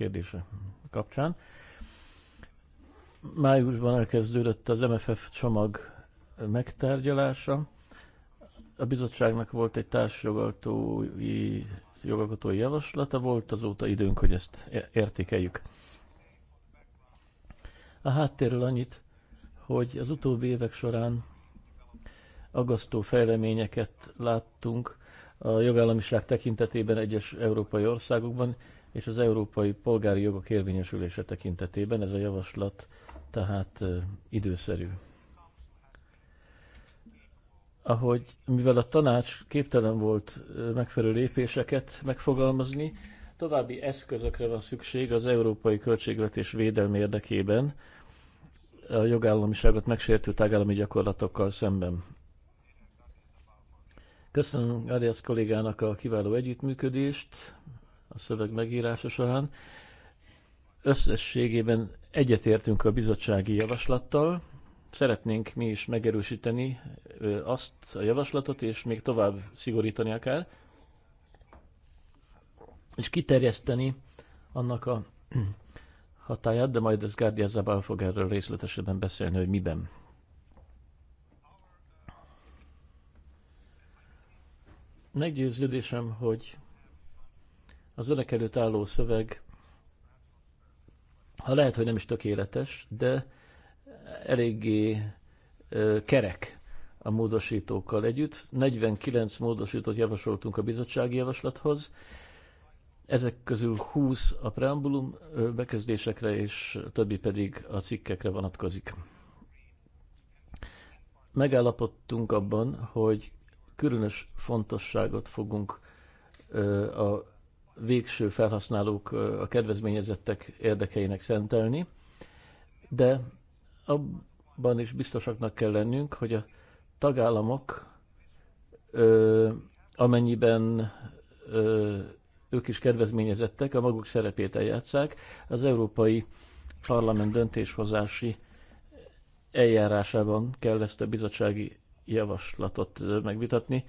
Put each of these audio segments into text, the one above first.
kérdése kapcsán. Májusban elkezdődött az MFF csomag megtárgyalása. A bizottságnak volt egy társjogaltói jogalkotói javaslata, volt azóta időnk, hogy ezt értékeljük. A háttérről annyit, hogy az utóbbi évek során aggasztó fejleményeket láttunk a jogállamiság tekintetében egyes európai országokban, és az európai polgári jogok érvényesülése tekintetében ez a javaslat tehát időszerű. Ahogy, mivel a tanács képtelen volt megfelelő lépéseket megfogalmazni, további eszközökre van szükség az európai költségvetés védelmi érdekében a jogállamiságot megsértő tagállami gyakorlatokkal szemben. Köszönöm Arias kollégának a kiváló együttműködést, a szöveg megírása során. Összességében egyetértünk a bizottsági javaslattal, szeretnénk mi is megerősíteni azt a javaslatot, és még tovább szigorítani akár, és kiterjeszteni annak a hatáját, de majd ez Gárdia Zabal fog erről részletesebben beszélni, hogy miben. Meggyőződésem, hogy az önök előtt álló szöveg, ha lehet, hogy nem is tökéletes, de eléggé kerek a módosítókkal együtt. 49 módosítót javasoltunk a bizottsági javaslathoz, ezek közül 20 a preambulum bekezdésekre, és többi pedig a cikkekre vonatkozik. Megállapodtunk abban, hogy különös fontosságot fogunk a végső felhasználók, a kedvezményezettek érdekeinek szentelni, de abban is biztosaknak kell lennünk, hogy a tagállamok ö, amennyiben ö, ők is kedvezményezettek, a maguk szerepét eljátszák. Az Európai Parlament döntéshozási eljárásában kell ezt a bizottsági javaslatot megvitatni.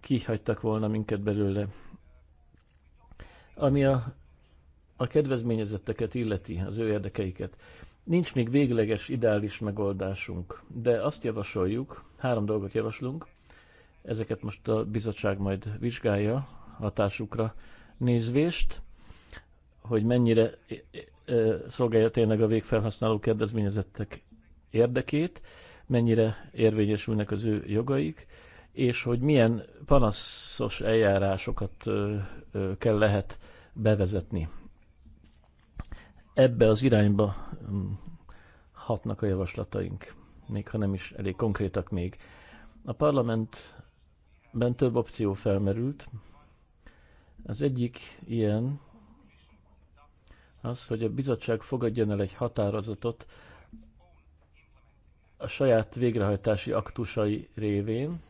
Kihagytak volna minket belőle ami a, a kedvezményezetteket illeti, az ő érdekeiket, nincs még végleges, ideális megoldásunk, de azt javasoljuk, három dolgot javaslunk, ezeket most a bizottság majd vizsgálja hatásukra nézvést, hogy mennyire e, e, szolgálja tényleg a végfelhasználó kedvezményezettek érdekét, mennyire érvényesülnek az ő jogaik, és hogy milyen panaszos eljárásokat kell lehet bevezetni. Ebbe az irányba mm, hatnak a javaslataink, még ha nem is elég konkrétak még. A parlamentben több opció felmerült. Az egyik ilyen az, hogy a bizottság fogadjon el egy határozatot a saját végrehajtási aktusai révén,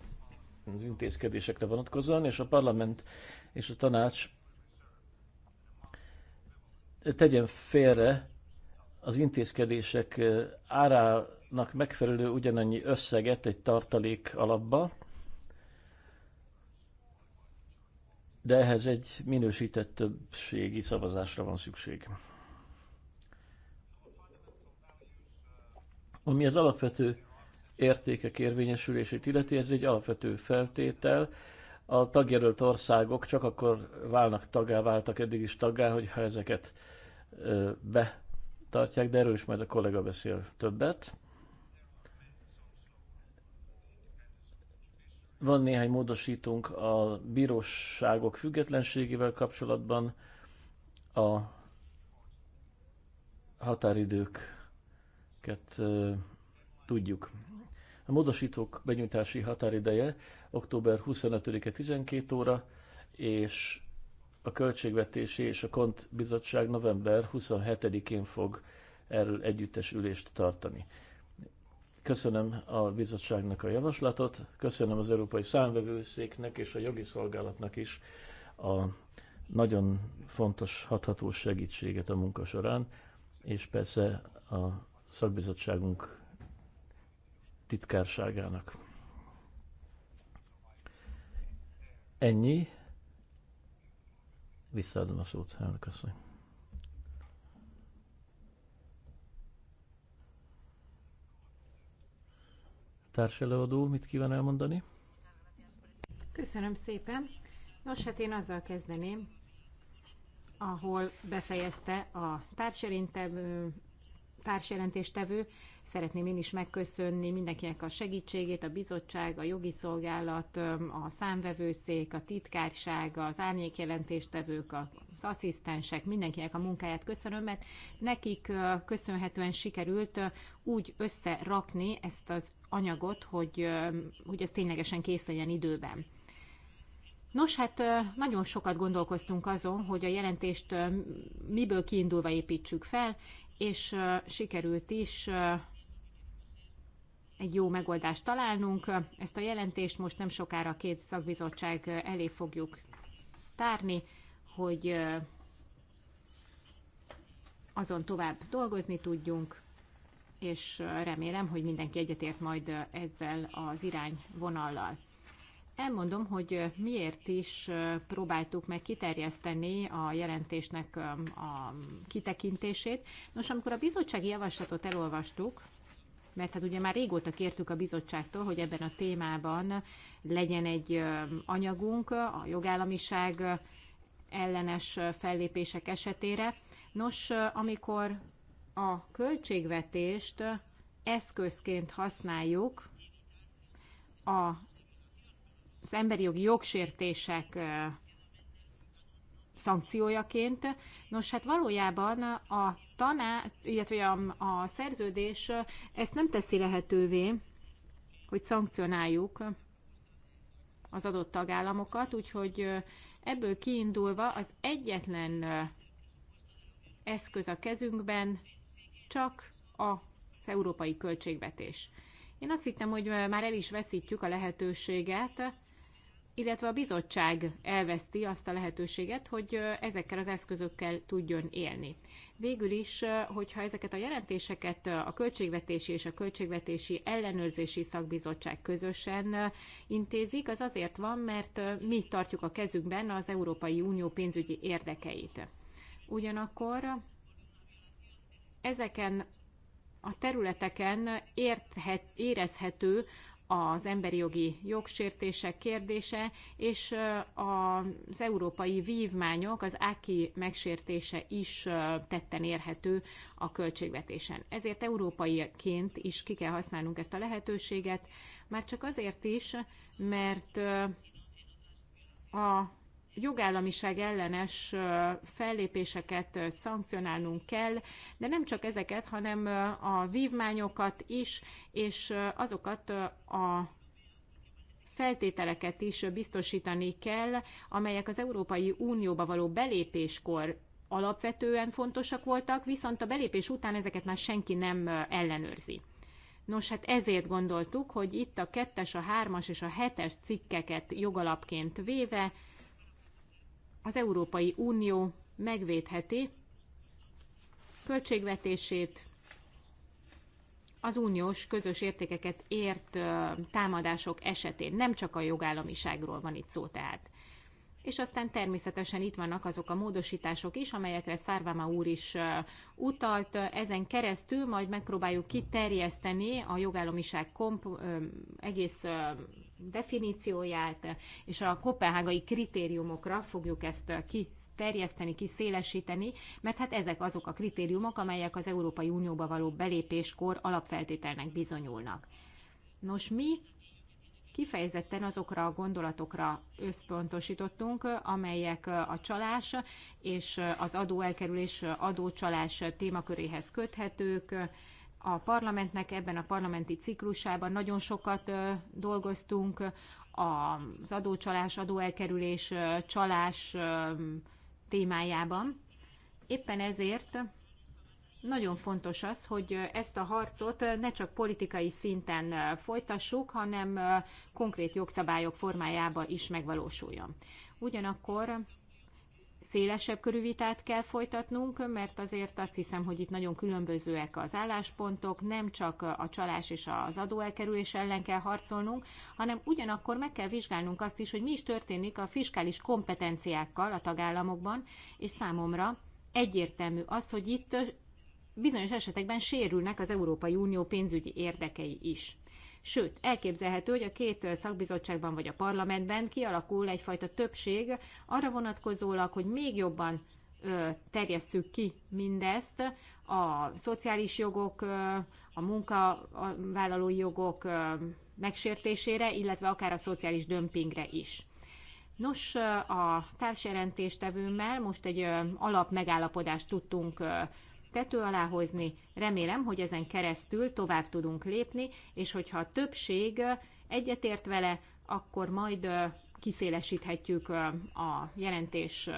az intézkedésekre vonatkozóan, és a parlament és a tanács tegyen félre az intézkedések árának megfelelő ugyanannyi összeget egy tartalék alapba, de ehhez egy minősített többségi szavazásra van szükség. Ami az alapvető értékek érvényesülését illeti, ez egy alapvető feltétel. A tagjelölt országok csak akkor válnak tagá, váltak eddig is tagá, hogyha ezeket betartják, de erről is majd a kollega beszél többet. Van néhány módosítunk a bíróságok függetlenségével kapcsolatban, a határidőket tudjuk. A módosítók benyújtási határideje október 25-e 12 óra, és a Költségvetési és a Kont Bizottság november 27-én fog erről együttes ülést tartani. Köszönöm a bizottságnak a javaslatot, köszönöm az Európai Számvevőszéknek és a jogi szolgálatnak is a nagyon fontos, hathatós segítséget a munka során, és persze a szakbizottságunk titkárságának. Ennyi. Visszaadom a szót, elnök asszony. Társelőadó, mit kíván elmondani? Köszönöm szépen. Nos, hát én azzal kezdeném, ahol befejezte a társadalmi társjelentéstevő. Szeretném én is megköszönni mindenkinek a segítségét, a bizottság, a jogi szolgálat, a számvevőszék, a titkárság, az árnyékjelentéstevők, az asszisztensek, mindenkinek a munkáját köszönöm, mert nekik köszönhetően sikerült úgy összerakni ezt az anyagot, hogy, hogy ez ténylegesen kész legyen időben. Nos, hát nagyon sokat gondolkoztunk azon, hogy a jelentést miből kiindulva építsük fel, és sikerült is egy jó megoldást találnunk. Ezt a jelentést most nem sokára a két szakbizottság elé fogjuk tárni, hogy azon tovább dolgozni tudjunk, és remélem, hogy mindenki egyetért majd ezzel az irányvonallal elmondom, hogy miért is próbáltuk meg kiterjeszteni a jelentésnek a kitekintését. Nos, amikor a bizottsági javaslatot elolvastuk, mert hát ugye már régóta kértük a bizottságtól, hogy ebben a témában legyen egy anyagunk a jogállamiság ellenes fellépések esetére. Nos, amikor a költségvetést eszközként használjuk a az emberi jogi jogsértések szankciójaként. Nos, hát valójában a taná, illetve a, a szerződés ezt nem teszi lehetővé, hogy szankcionáljuk az adott tagállamokat, úgyhogy ebből kiindulva az egyetlen eszköz a kezünkben csak az európai költségvetés. Én azt hittem, hogy már el is veszítjük a lehetőséget, illetve a bizottság elveszti azt a lehetőséget, hogy ezekkel az eszközökkel tudjon élni. Végül is, hogyha ezeket a jelentéseket a Költségvetési és a Költségvetési Ellenőrzési Szakbizottság közösen intézik, az azért van, mert mi tartjuk a kezükben az Európai Unió pénzügyi érdekeit. Ugyanakkor ezeken a területeken érthet, érezhető az emberi jogi jogsértések kérdése, és az európai vívmányok, az AKI megsértése is tetten érhető a költségvetésen. Ezért európaiként is ki kell használnunk ezt a lehetőséget, már csak azért is, mert a jogállamiság ellenes fellépéseket szankcionálnunk kell, de nem csak ezeket, hanem a vívmányokat is, és azokat a feltételeket is biztosítani kell, amelyek az Európai Unióba való belépéskor alapvetően fontosak voltak, viszont a belépés után ezeket már senki nem ellenőrzi. Nos, hát ezért gondoltuk, hogy itt a kettes, a hármas és a hetes cikkeket jogalapként véve az Európai Unió megvédheti költségvetését, az uniós közös értékeket ért támadások esetén. Nem csak a jogállamiságról van itt szó tehát és aztán természetesen itt vannak azok a módosítások is, amelyekre Szárváma úr is utalt. Ezen keresztül majd megpróbáljuk kiterjeszteni a jogállomiság komp- egész definícióját, és a kopenhágai kritériumokra fogjuk ezt kiterjeszteni, kiszélesíteni, mert hát ezek azok a kritériumok, amelyek az Európai Unióba való belépéskor alapfeltételnek bizonyulnak. Nos, mi kifejezetten azokra a gondolatokra összpontosítottunk, amelyek a csalás és az adóelkerülés, adócsalás témaköréhez köthetők. A parlamentnek ebben a parlamenti ciklusában nagyon sokat dolgoztunk az adócsalás, adóelkerülés, csalás témájában. Éppen ezért nagyon fontos az, hogy ezt a harcot ne csak politikai szinten folytassuk, hanem konkrét jogszabályok formájába is megvalósuljon. Ugyanakkor szélesebb körű vitát kell folytatnunk, mert azért azt hiszem, hogy itt nagyon különbözőek az álláspontok, nem csak a csalás és az adóelkerülés ellen kell harcolnunk, hanem ugyanakkor meg kell vizsgálnunk azt is, hogy mi is történik a fiskális kompetenciákkal a tagállamokban, és számomra egyértelmű az, hogy itt bizonyos esetekben sérülnek az Európai Unió pénzügyi érdekei is. Sőt, elképzelhető, hogy a két szakbizottságban vagy a parlamentben kialakul egyfajta többség arra vonatkozólag, hogy még jobban terjesszük ki mindezt, a szociális jogok, a munkavállalói jogok megsértésére, illetve akár a szociális dömpingre is. Nos, a társjelentéstevőmmel most egy alap megállapodást tudtunk tető alá hozni. Remélem, hogy ezen keresztül tovább tudunk lépni, és hogyha a többség egyetért vele, akkor majd kiszélesíthetjük a jelentés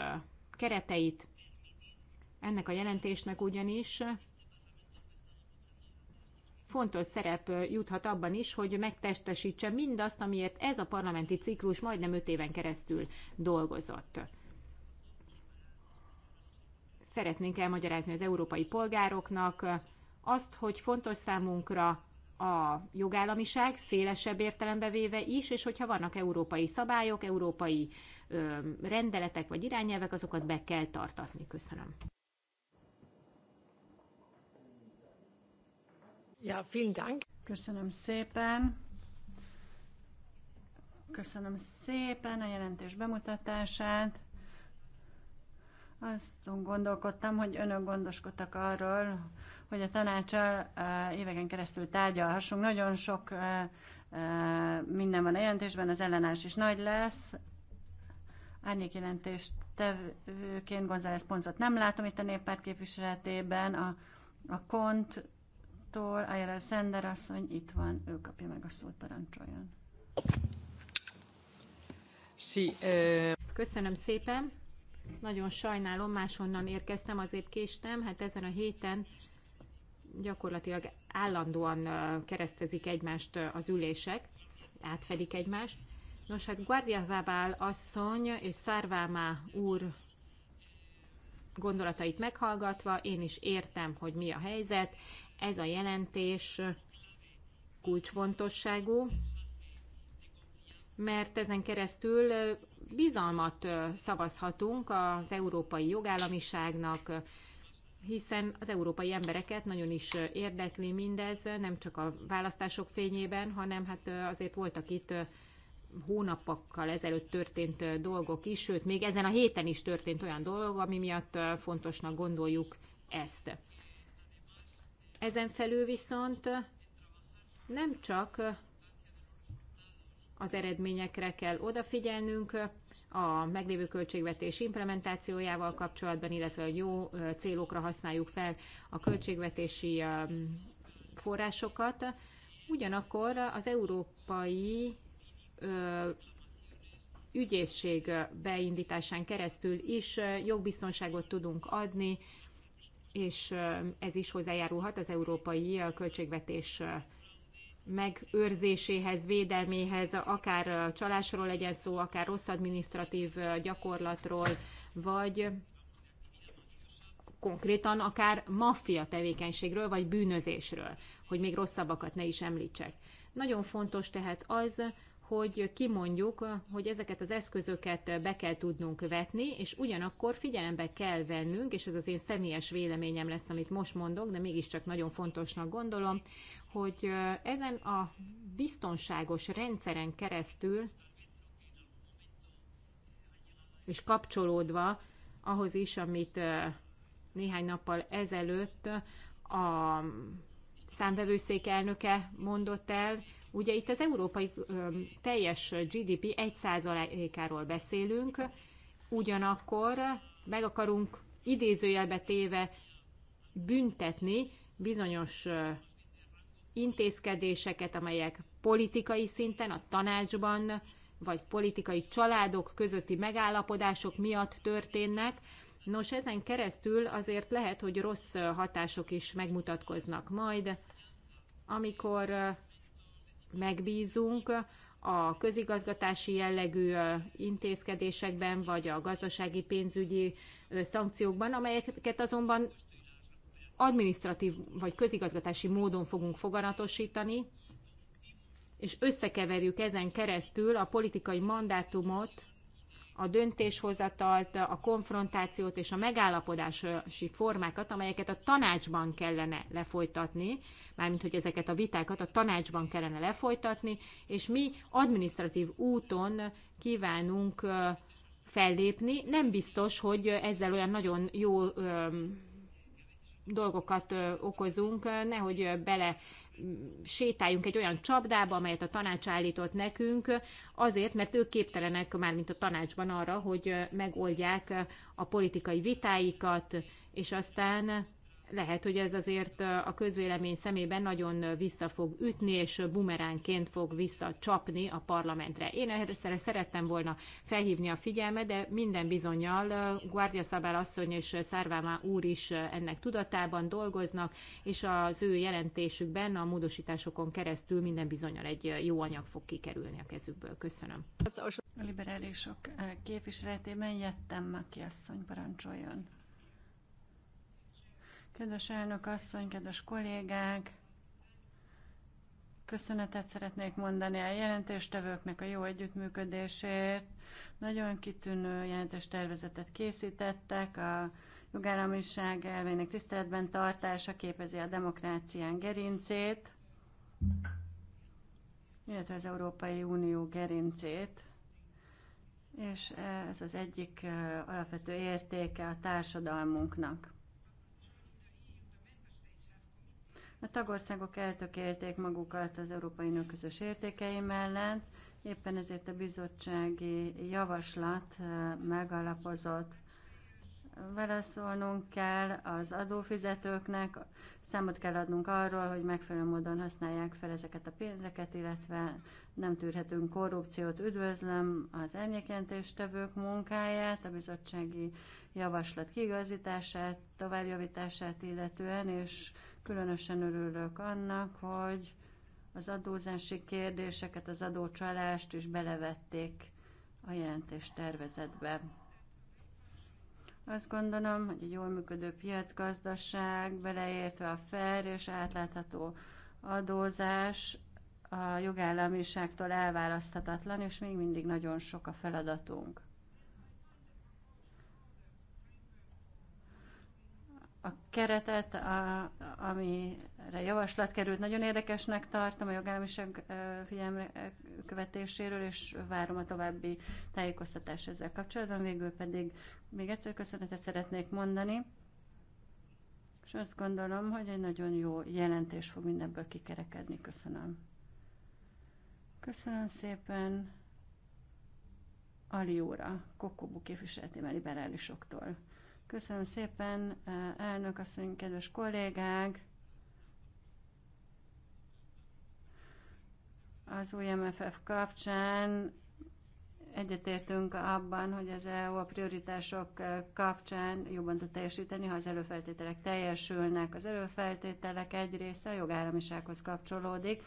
kereteit. Ennek a jelentésnek ugyanis fontos szerep juthat abban is, hogy megtestesítse mindazt, amiért ez a parlamenti ciklus majdnem öt éven keresztül dolgozott szeretnénk elmagyarázni az európai polgároknak azt, hogy fontos számunkra a jogállamiság szélesebb értelembe véve is, és hogyha vannak európai szabályok, európai ö, rendeletek vagy irányelvek, azokat be kell tartatni. Köszönöm. Ja, vielen Dank. Köszönöm szépen. Köszönöm szépen a jelentés bemutatását. Azt gondolkodtam, hogy önök gondoskodtak arról, hogy a tanácsal éveken keresztül tárgyalhassunk. Nagyon sok minden van a jelentésben, az ellenállás is nagy lesz. Árnyék jelentést tevőként González Poncot nem látom itt a néppárt képviseletében. A, a Kont-tól Ayala Szender asszony itt van, ő kapja meg a szót, parancsoljon. Sí, eh. Köszönöm szépen. Nagyon sajnálom, máshonnan érkeztem, azért késtem. Hát ezen a héten gyakorlatilag állandóan keresztezik egymást az ülések, átfedik egymást. Nos, hát Guardia Zabál asszony és Szárvámá úr gondolatait meghallgatva, én is értem, hogy mi a helyzet. Ez a jelentés kulcsfontosságú, mert ezen keresztül bizalmat szavazhatunk az európai jogállamiságnak, hiszen az európai embereket nagyon is érdekli mindez, nem csak a választások fényében, hanem hát azért voltak itt hónapokkal ezelőtt történt dolgok is, sőt, még ezen a héten is történt olyan dolog, ami miatt fontosnak gondoljuk ezt. Ezen felül viszont nem csak az eredményekre kell odafigyelnünk a meglévő költségvetés implementációjával kapcsolatban, illetve jó célokra használjuk fel a költségvetési forrásokat. Ugyanakkor az európai ügyészség beindításán keresztül is jogbiztonságot tudunk adni, és ez is hozzájárulhat az európai költségvetés megőrzéséhez, védelméhez, akár csalásról legyen szó, akár rossz administratív gyakorlatról, vagy konkrétan akár maffia tevékenységről, vagy bűnözésről, hogy még rosszabbakat ne is említsek. Nagyon fontos tehát az, hogy kimondjuk, hogy ezeket az eszközöket be kell tudnunk vetni, és ugyanakkor figyelembe kell vennünk, és ez az én személyes véleményem lesz, amit most mondok, de mégiscsak nagyon fontosnak gondolom, hogy ezen a biztonságos rendszeren keresztül és kapcsolódva ahhoz is, amit néhány nappal ezelőtt a számvevőszék elnöke mondott el, Ugye itt az európai teljes GDP 1%-áról beszélünk, ugyanakkor meg akarunk idézőjelbe téve büntetni bizonyos intézkedéseket, amelyek politikai szinten, a tanácsban, vagy politikai családok közötti megállapodások miatt történnek. Nos, ezen keresztül azért lehet, hogy rossz hatások is megmutatkoznak majd, amikor megbízunk a közigazgatási jellegű intézkedésekben, vagy a gazdasági pénzügyi szankciókban, amelyeket azonban administratív vagy közigazgatási módon fogunk foganatosítani, és összekeverjük ezen keresztül a politikai mandátumot a döntéshozatalt, a konfrontációt és a megállapodási formákat, amelyeket a tanácsban kellene lefolytatni, mármint hogy ezeket a vitákat a tanácsban kellene lefolytatni, és mi administratív úton kívánunk fellépni. Nem biztos, hogy ezzel olyan nagyon jó dolgokat okozunk, nehogy bele sétáljunk egy olyan csapdába, amelyet a tanács állított nekünk, azért, mert ők képtelenek már, mint a tanácsban arra, hogy megoldják a politikai vitáikat, és aztán lehet, hogy ez azért a közvélemény szemében nagyon vissza fog ütni, és bumeránként fog visszacsapni a parlamentre. Én erre szerettem volna felhívni a figyelmet, de minden bizonyal Guardia Szabál asszony és Szárvámá úr is ennek tudatában dolgoznak, és az ő jelentésükben a módosításokon keresztül minden bizonyal egy jó anyag fog kikerülni a kezükből. Köszönöm. A liberálisok képviseletében jöttem, aki asszony parancsoljon. Kedves elnök asszony, kedves kollégák! Köszönetet szeretnék mondani a jelentéstevőknek a jó együttműködésért. Nagyon kitűnő jelentéstervezetet készítettek, a jogállamiság elvének tiszteletben tartása képezi a demokrácián gerincét, illetve az Európai Unió gerincét. És ez az egyik alapvető értéke a társadalmunknak. A tagországok eltökélték magukat az Európai Unió közös értékei mellett, éppen ezért a bizottsági javaslat eh, megalapozott. Válaszolnunk kell az adófizetőknek, számot kell adnunk arról, hogy megfelelő módon használják fel ezeket a pénzeket, illetve nem tűrhetünk korrupciót. Üdvözlöm az elnyekjelentéstevők munkáját, a bizottsági javaslat kigazítását továbbjavítását illetően, és Különösen örülök annak, hogy az adózási kérdéseket, az adócsalást is belevették a jelentés tervezetbe. Azt gondolom, hogy egy jól működő piacgazdaság, beleértve a fair és átlátható adózás a jogállamiságtól elválaszthatatlan, és még mindig nagyon sok a feladatunk. a keretet, a, amire javaslat került, nagyon érdekesnek tartom a jogállamiság figyelme követéséről, és várom a további tájékoztatást ezzel kapcsolatban. Végül pedig még egyszer köszönetet szeretnék mondani, és azt gondolom, hogy egy nagyon jó jelentés fog mindebből kikerekedni. Köszönöm. Köszönöm szépen. Alióra, Kokobu képviseleti liberálisoktól. Köszönöm szépen, eh, elnök asszony, kedves kollégák! Az új MFF kapcsán egyetértünk abban, hogy az EU a prioritások eh, kapcsán jobban tud teljesíteni, ha az előfeltételek teljesülnek. Az előfeltételek egy része a jogállamisághoz kapcsolódik,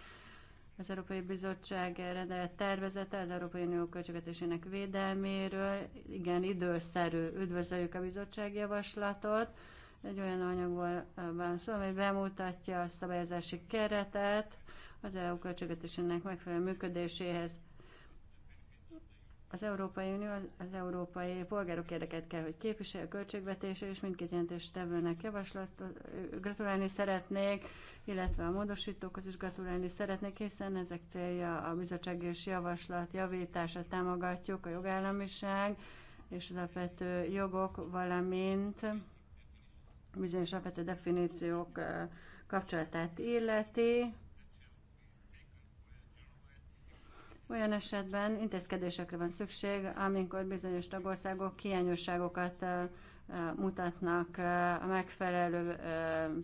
az Európai Bizottság rendelet tervezete az Európai Unió költségvetésének védelméről. Igen, időszerű. Üdvözöljük a bizottság javaslatot. Egy olyan anyagból eh, van szó, ami bemutatja a szabályozási keretet az EU költségvetésének megfelelő működéséhez. Az Európai Unió az európai polgárok érdeket kell, hogy képviselje a költségvetése, és mindkét jelentéstevőnek javaslatot eh, gratulálni szeretnék illetve a módosítókhoz is gratulálni szeretnék, hiszen ezek célja a bizottság és javaslat javítása támogatjuk, a jogállamiság és az alapvető jogok, valamint bizonyos alapvető definíciók kapcsolatát illeti, Olyan esetben intézkedésekre van szükség, amikor bizonyos tagországok hiányosságokat mutatnak a megfelelő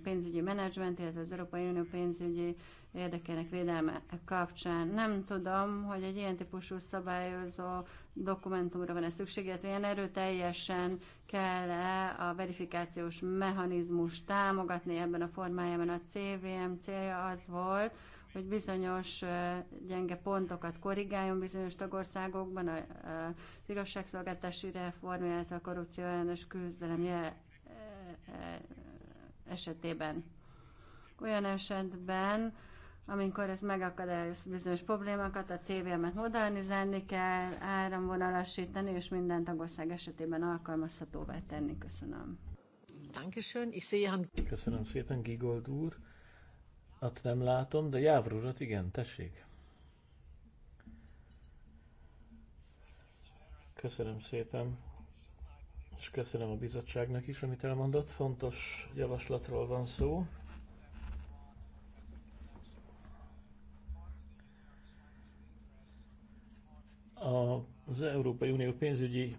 pénzügyi menedzsment, illetve az Európai Unió pénzügyi érdekének védelme kapcsán. Nem tudom, hogy egy ilyen típusú szabályozó dokumentumra van-e szükség, illetve ilyen erőteljesen kell-e a verifikációs mechanizmus támogatni ebben a formájában. A CVM célja az volt, hogy bizonyos gyenge pontokat korrigáljon bizonyos tagországokban, az igazságszolgáltási reform, illetve a korrupció ellenes küzdelem esetében. Olyan esetben, amikor ez megakadályoz bizonyos problémákat, a CVM-et modernizálni kell, áramvonalasítani, és minden tagország esetében alkalmazhatóvá tenni. Köszönöm. Köszönöm szépen, Gigold úr. At nem látom, de Jávor urat igen, tessék. Köszönöm szépen, és köszönöm a bizottságnak is, amit elmondott. Fontos javaslatról van szó. Az Európai Unió pénzügyi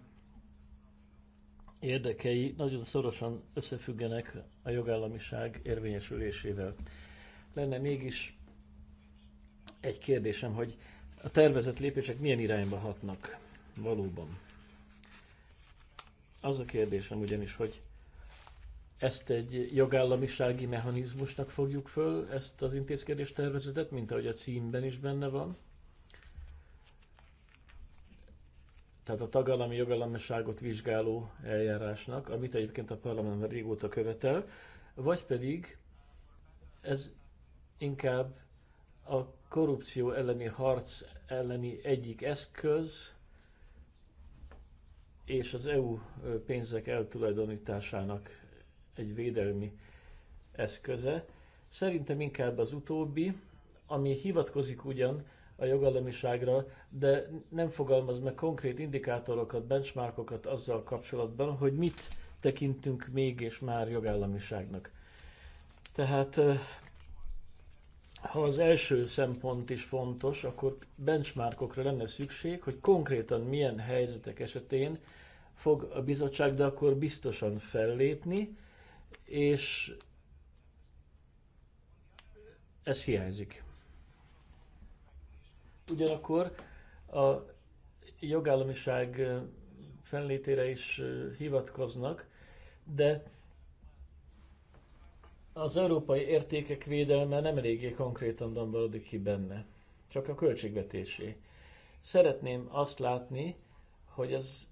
érdekei nagyon szorosan összefüggenek a jogállamiság érvényesülésével lenne mégis egy kérdésem, hogy a tervezett lépések milyen irányba hatnak valóban. Az a kérdésem ugyanis, hogy ezt egy jogállamisági mechanizmusnak fogjuk föl, ezt az intézkedés tervezetet, mint ahogy a címben is benne van. Tehát a tagállami jogállamiságot vizsgáló eljárásnak, amit egyébként a parlament már régóta követel, vagy pedig ez inkább a korrupció elleni harc elleni egyik eszköz, és az EU pénzek eltulajdonításának egy védelmi eszköze. Szerintem inkább az utóbbi, ami hivatkozik ugyan a jogállamiságra, de nem fogalmaz meg konkrét indikátorokat, benchmarkokat azzal kapcsolatban, hogy mit tekintünk még és már jogállamiságnak. Tehát ha az első szempont is fontos, akkor benchmarkokra lenne szükség, hogy konkrétan milyen helyzetek esetén fog a bizottság, de akkor biztosan fellépni, és ez hiányzik. Ugyanakkor a jogállamiság fennlétére is hivatkoznak, de az európai értékek védelme nem eléggé konkrétan domborodik ki benne, csak a költségvetésé. Szeretném azt látni, hogy az,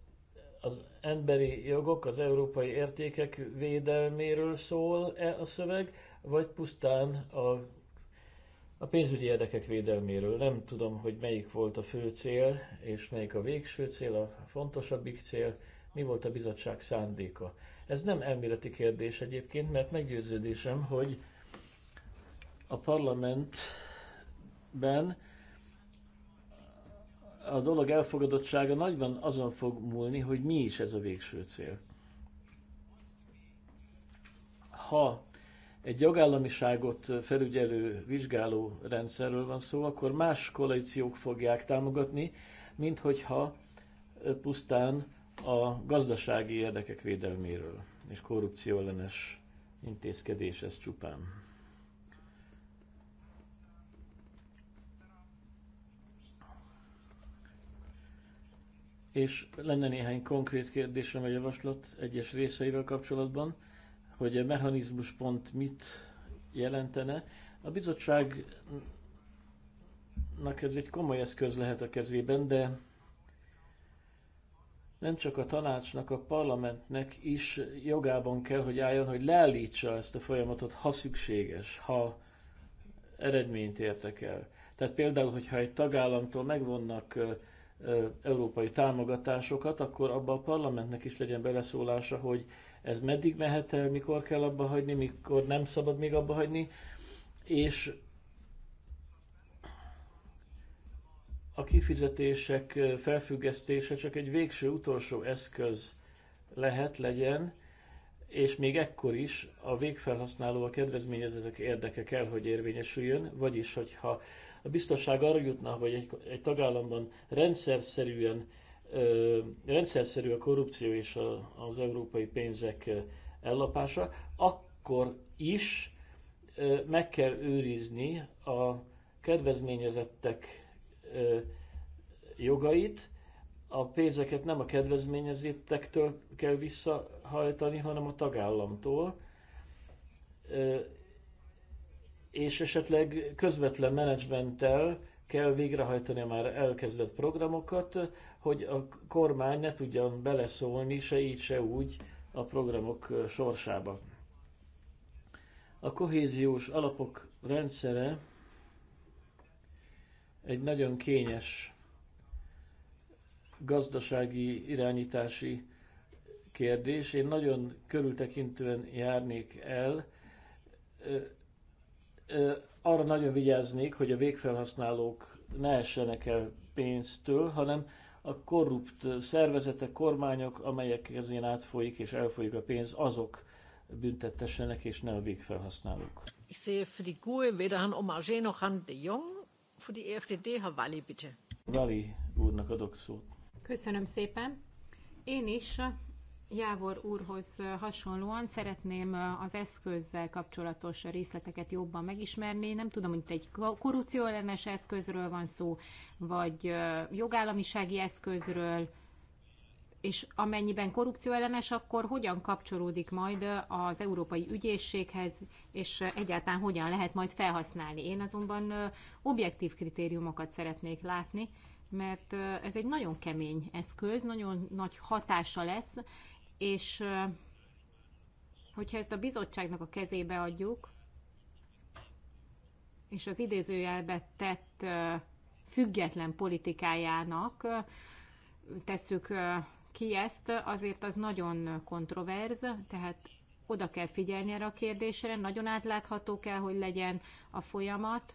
az emberi jogok, az európai értékek védelméről szól-e a szöveg, vagy pusztán a, a pénzügyi érdekek védelméről. Nem tudom, hogy melyik volt a fő cél, és melyik a végső cél, a fontosabbik cél, mi volt a bizottság szándéka. Ez nem elméleti kérdés egyébként, mert meggyőződésem, hogy a parlamentben a dolog elfogadottsága nagyban azon fog múlni, hogy mi is ez a végső cél. Ha egy jogállamiságot felügyelő, vizsgáló rendszerről van szó, akkor más koalíciók fogják támogatni, mint hogyha pusztán a gazdasági érdekek védelméről és korrupció ellenes intézkedés ez csupán. És lenne néhány konkrét kérdésem a javaslat egyes részeivel kapcsolatban, hogy a mechanizmus pont mit jelentene. A bizottságnak ez egy komoly eszköz lehet a kezében, de nem csak a tanácsnak, a parlamentnek is jogában kell, hogy álljon, hogy leállítsa ezt a folyamatot, ha szükséges, ha eredményt értek el. Tehát például, hogyha egy tagállamtól megvonnak európai támogatásokat, akkor abba a parlamentnek is legyen beleszólása, hogy ez meddig mehet el, mikor kell abba hagyni, mikor nem szabad még abba hagyni, és a kifizetések felfüggesztése csak egy végső, utolsó eszköz lehet, legyen, és még ekkor is a végfelhasználó, a kedvezményezetek érdeke kell, hogy érvényesüljön, vagyis, hogyha a biztonság arra jutna, hogy egy, egy tagállamban rendszer szerűen rendszerszerű a korrupció és a, az európai pénzek ellapása, akkor is meg kell őrizni a kedvezményezettek jogait, a pénzeket nem a kedvezményezettektől kell visszahajtani, hanem a tagállamtól, és esetleg közvetlen menedzsmenttel kell végrehajtani a már elkezdett programokat, hogy a kormány ne tudjon beleszólni se így, se úgy a programok sorsába. A kohéziós alapok rendszere egy nagyon kényes gazdasági irányítási kérdés. Én nagyon körültekintően járnék el. Arra nagyon vigyáznék, hogy a végfelhasználók ne essenek el pénztől, hanem a korrupt szervezetek, kormányok, amelyek kezén átfolyik és elfolyik a pénz, azok büntettessenek, és ne a végfelhasználók. Ich sehe für die GUE weder Han Omarjee noch Herrn de Jong. For the ha Vali, bitte. Vali úrnak adok szót. Köszönöm szépen. Én is Jávor úrhoz hasonlóan szeretném az eszközzel kapcsolatos részleteket jobban megismerni. Nem tudom, hogy itt egy korrupcióellenes eszközről van szó, vagy jogállamisági eszközről, és amennyiben korrupcióellenes, akkor hogyan kapcsolódik majd az Európai Ügyészséghez, és egyáltalán hogyan lehet majd felhasználni. Én azonban objektív kritériumokat szeretnék látni, mert ez egy nagyon kemény eszköz, nagyon nagy hatása lesz, és hogyha ezt a bizottságnak a kezébe adjuk, és az idézőjelbe tett független politikájának tesszük ki ezt, azért az nagyon kontroverz, tehát oda kell figyelni erre a kérdésre, nagyon átlátható kell, hogy legyen a folyamat.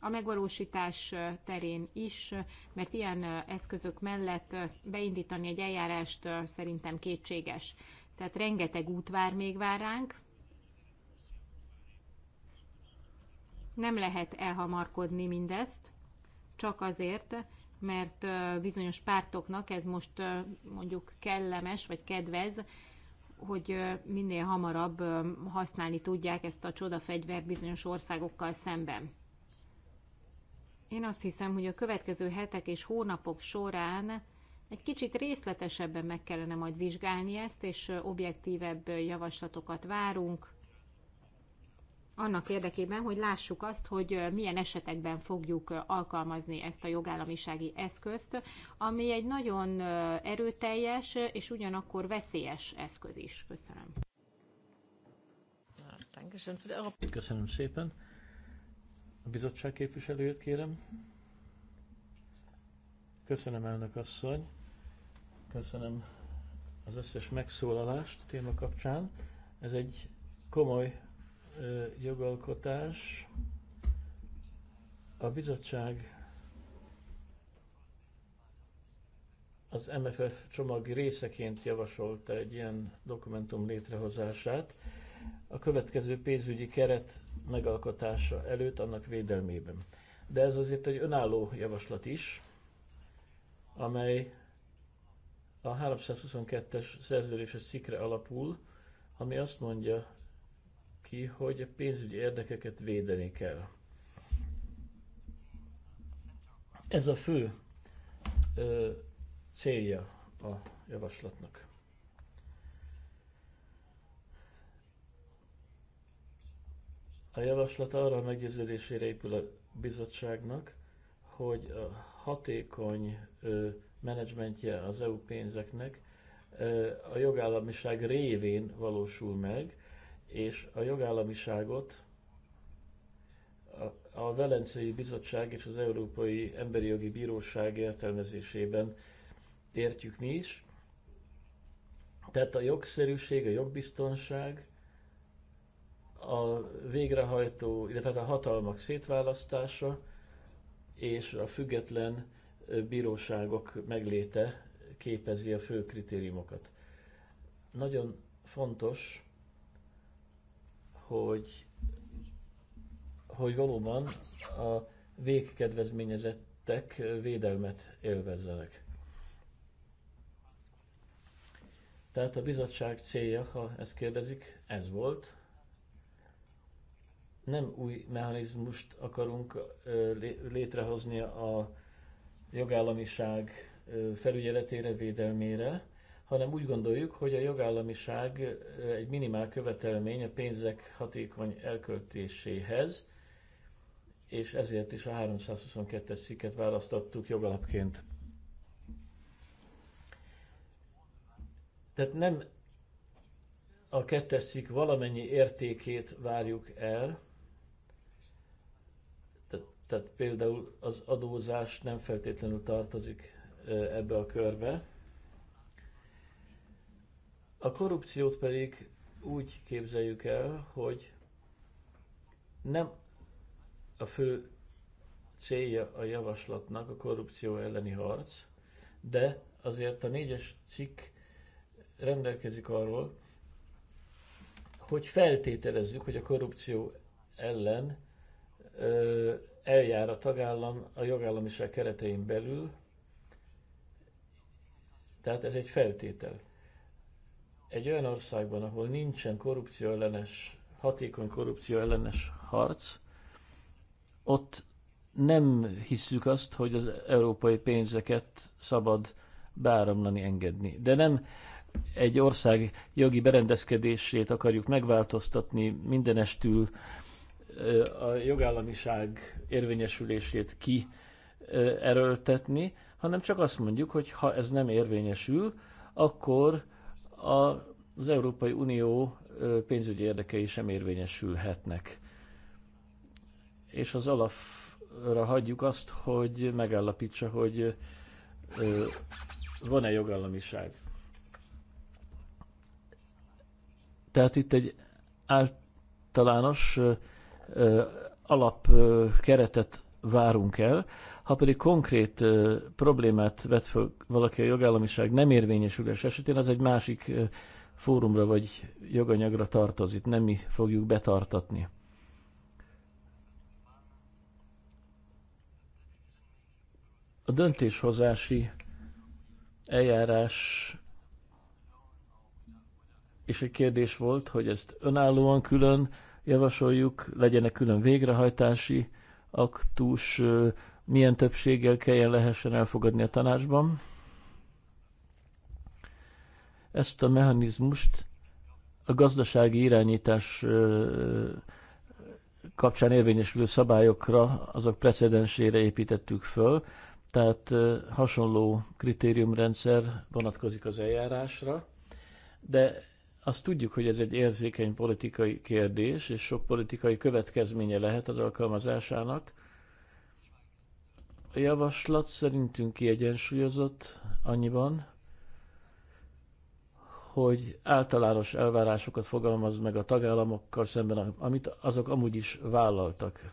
A megvalósítás terén is, mert ilyen eszközök mellett beindítani egy eljárást szerintem kétséges. Tehát rengeteg út vár még vár ránk. Nem lehet elhamarkodni mindezt, csak azért, mert bizonyos pártoknak ez most mondjuk kellemes vagy kedvez, hogy minél hamarabb használni tudják ezt a csodafegyvert bizonyos országokkal szemben. Én azt hiszem, hogy a következő hetek és hónapok során egy kicsit részletesebben meg kellene majd vizsgálni ezt, és objektívebb javaslatokat várunk annak érdekében, hogy lássuk azt, hogy milyen esetekben fogjuk alkalmazni ezt a jogállamisági eszközt, ami egy nagyon erőteljes és ugyanakkor veszélyes eszköz is. Köszönöm. Köszönöm szépen. A bizottság képviselőjét kérem. Köszönöm elnök asszony. Köszönöm az összes megszólalást a téma kapcsán. Ez egy komoly jogalkotás. A bizottság az MFF csomag részeként javasolta egy ilyen dokumentum létrehozását a következő pénzügyi keret megalkotása előtt annak védelmében. De ez azért egy önálló javaslat is, amely a 322-es szerződéses szikre alapul, ami azt mondja ki, hogy a pénzügyi érdekeket védeni kell. Ez a fő ö, célja a javaslatnak. A javaslat arra a meggyőződésére épül a bizottságnak, hogy a hatékony ö, menedzsmentje az EU pénzeknek ö, a jogállamiság révén valósul meg, és a jogállamiságot a Velencei Bizottság és az Európai Emberi Jogi Bíróság értelmezésében értjük mi is. Tehát a jogszerűség, a jogbiztonság, a végrehajtó, illetve hát a hatalmak szétválasztása és a független bíróságok megléte képezi a fő kritériumokat. Nagyon fontos, hogy, hogy valóban a végkedvezményezettek védelmet élvezzenek. Tehát a bizottság célja, ha ezt kérdezik, ez volt. Nem új mechanizmust akarunk létrehozni a jogállamiság felügyeletére, védelmére, hanem úgy gondoljuk, hogy a jogállamiság egy minimál követelmény a pénzek hatékony elköltéséhez, és ezért is a 322-es sziket választottuk jogalapként. Tehát nem a kettes szik valamennyi értékét várjuk el, tehát, tehát például az adózás nem feltétlenül tartozik ebbe a körbe, a korrupciót pedig úgy képzeljük el, hogy nem a fő célja a javaslatnak a korrupció elleni harc, de azért a négyes cikk rendelkezik arról, hogy feltételezzük, hogy a korrupció ellen ö, eljár a tagállam a jogállamiság keretein belül, tehát ez egy feltétel egy olyan országban, ahol nincsen korrupcióellenes, hatékony korrupcióellenes harc, ott nem hiszük azt, hogy az európai pénzeket szabad beáramlani, engedni. De nem egy ország jogi berendezkedését akarjuk megváltoztatni, mindenestül a jogállamiság érvényesülését ki erőltetni, hanem csak azt mondjuk, hogy ha ez nem érvényesül, akkor az Európai Unió pénzügyi érdekei sem érvényesülhetnek. És az alapra hagyjuk azt, hogy megállapítsa, hogy van-e jogállamiság. Tehát itt egy általános alapkeretet várunk el, ha pedig konkrét problémát vet fel valaki a jogállamiság nem érvényesülés esetén, az egy másik fórumra vagy joganyagra tartozik, nem mi fogjuk betartatni. A döntéshozási eljárás és egy kérdés volt, hogy ezt önállóan külön javasoljuk, legyenek külön végrehajtási aktus, milyen többséggel kelljen lehessen elfogadni a tanácsban. Ezt a mechanizmust a gazdasági irányítás kapcsán érvényesülő szabályokra, azok precedensére építettük föl, tehát hasonló kritériumrendszer vonatkozik az eljárásra, de azt tudjuk, hogy ez egy érzékeny politikai kérdés, és sok politikai következménye lehet az alkalmazásának, javaslat szerintünk kiegyensúlyozott annyiban, hogy általános elvárásokat fogalmaz meg a tagállamokkal szemben, amit azok amúgy is vállaltak.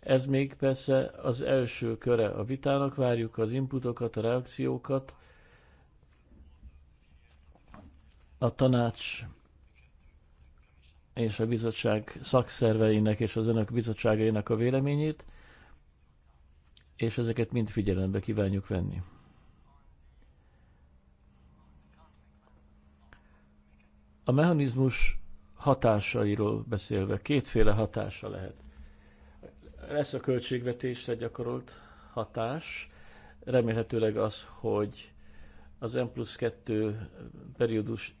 Ez még persze az első köre a vitának, várjuk az inputokat, a reakciókat. A tanács és a bizottság szakszerveinek és az önök bizottságainak a véleményét és ezeket mind figyelembe kívánjuk venni. A mechanizmus hatásairól beszélve, kétféle hatása lehet. Lesz a költségvetésre gyakorolt hatás, remélhetőleg az, hogy az M plusz 2 periódus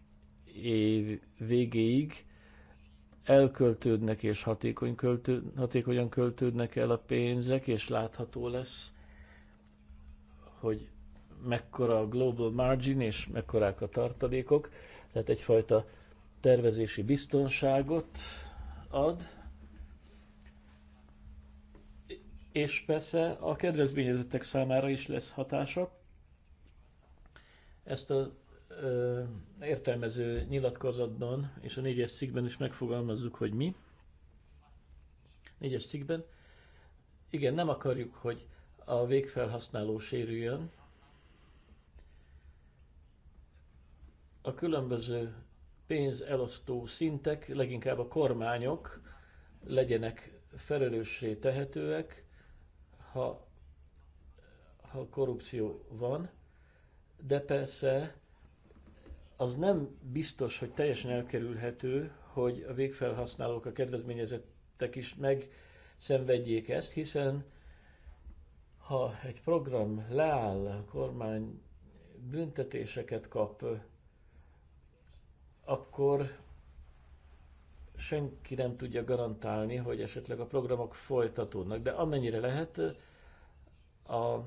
év végéig elköltődnek és hatékony költő, hatékonyan költődnek el a pénzek, és látható lesz, hogy mekkora a global margin és mekkorák a tartalékok, tehát egyfajta tervezési biztonságot ad, és persze a kedvezményezettek számára is lesz hatása. Ezt a értelmező nyilatkozatban és a négyes cikkben is megfogalmazzuk, hogy mi. Négyes cikkben. Igen, nem akarjuk, hogy a végfelhasználó sérüljön. A különböző pénzelosztó szintek, leginkább a kormányok legyenek felelőssé tehetőek, ha, ha korrupció van, de persze az nem biztos, hogy teljesen elkerülhető, hogy a végfelhasználók, a kedvezményezettek is megszenvedjék ezt, hiszen ha egy program leáll, a kormány büntetéseket kap, akkor senki nem tudja garantálni, hogy esetleg a programok folytatódnak, de amennyire lehet, a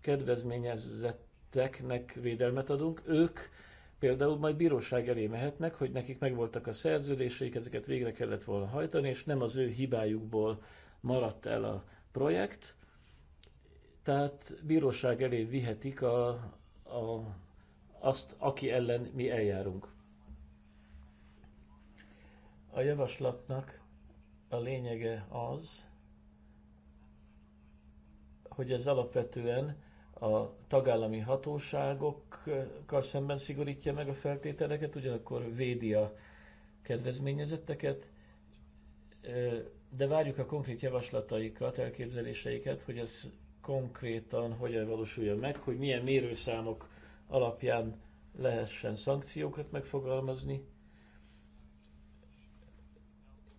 kedvezményezetteknek védelmet adunk, ők például majd bíróság elé mehetnek, hogy nekik megvoltak a szerződéseik, ezeket végre kellett volna hajtani, és nem az ő hibájukból maradt el a projekt, tehát bíróság elé vihetik a, a, azt, aki ellen mi eljárunk. A javaslatnak a lényege az, hogy ez alapvetően a tagállami hatóságokkal szemben szigorítja meg a feltételeket, ugyanakkor védi a kedvezményezetteket, de várjuk a konkrét javaslataikat, elképzeléseiket, hogy ez konkrétan hogyan valósuljon meg, hogy milyen mérőszámok alapján lehessen szankciókat megfogalmazni,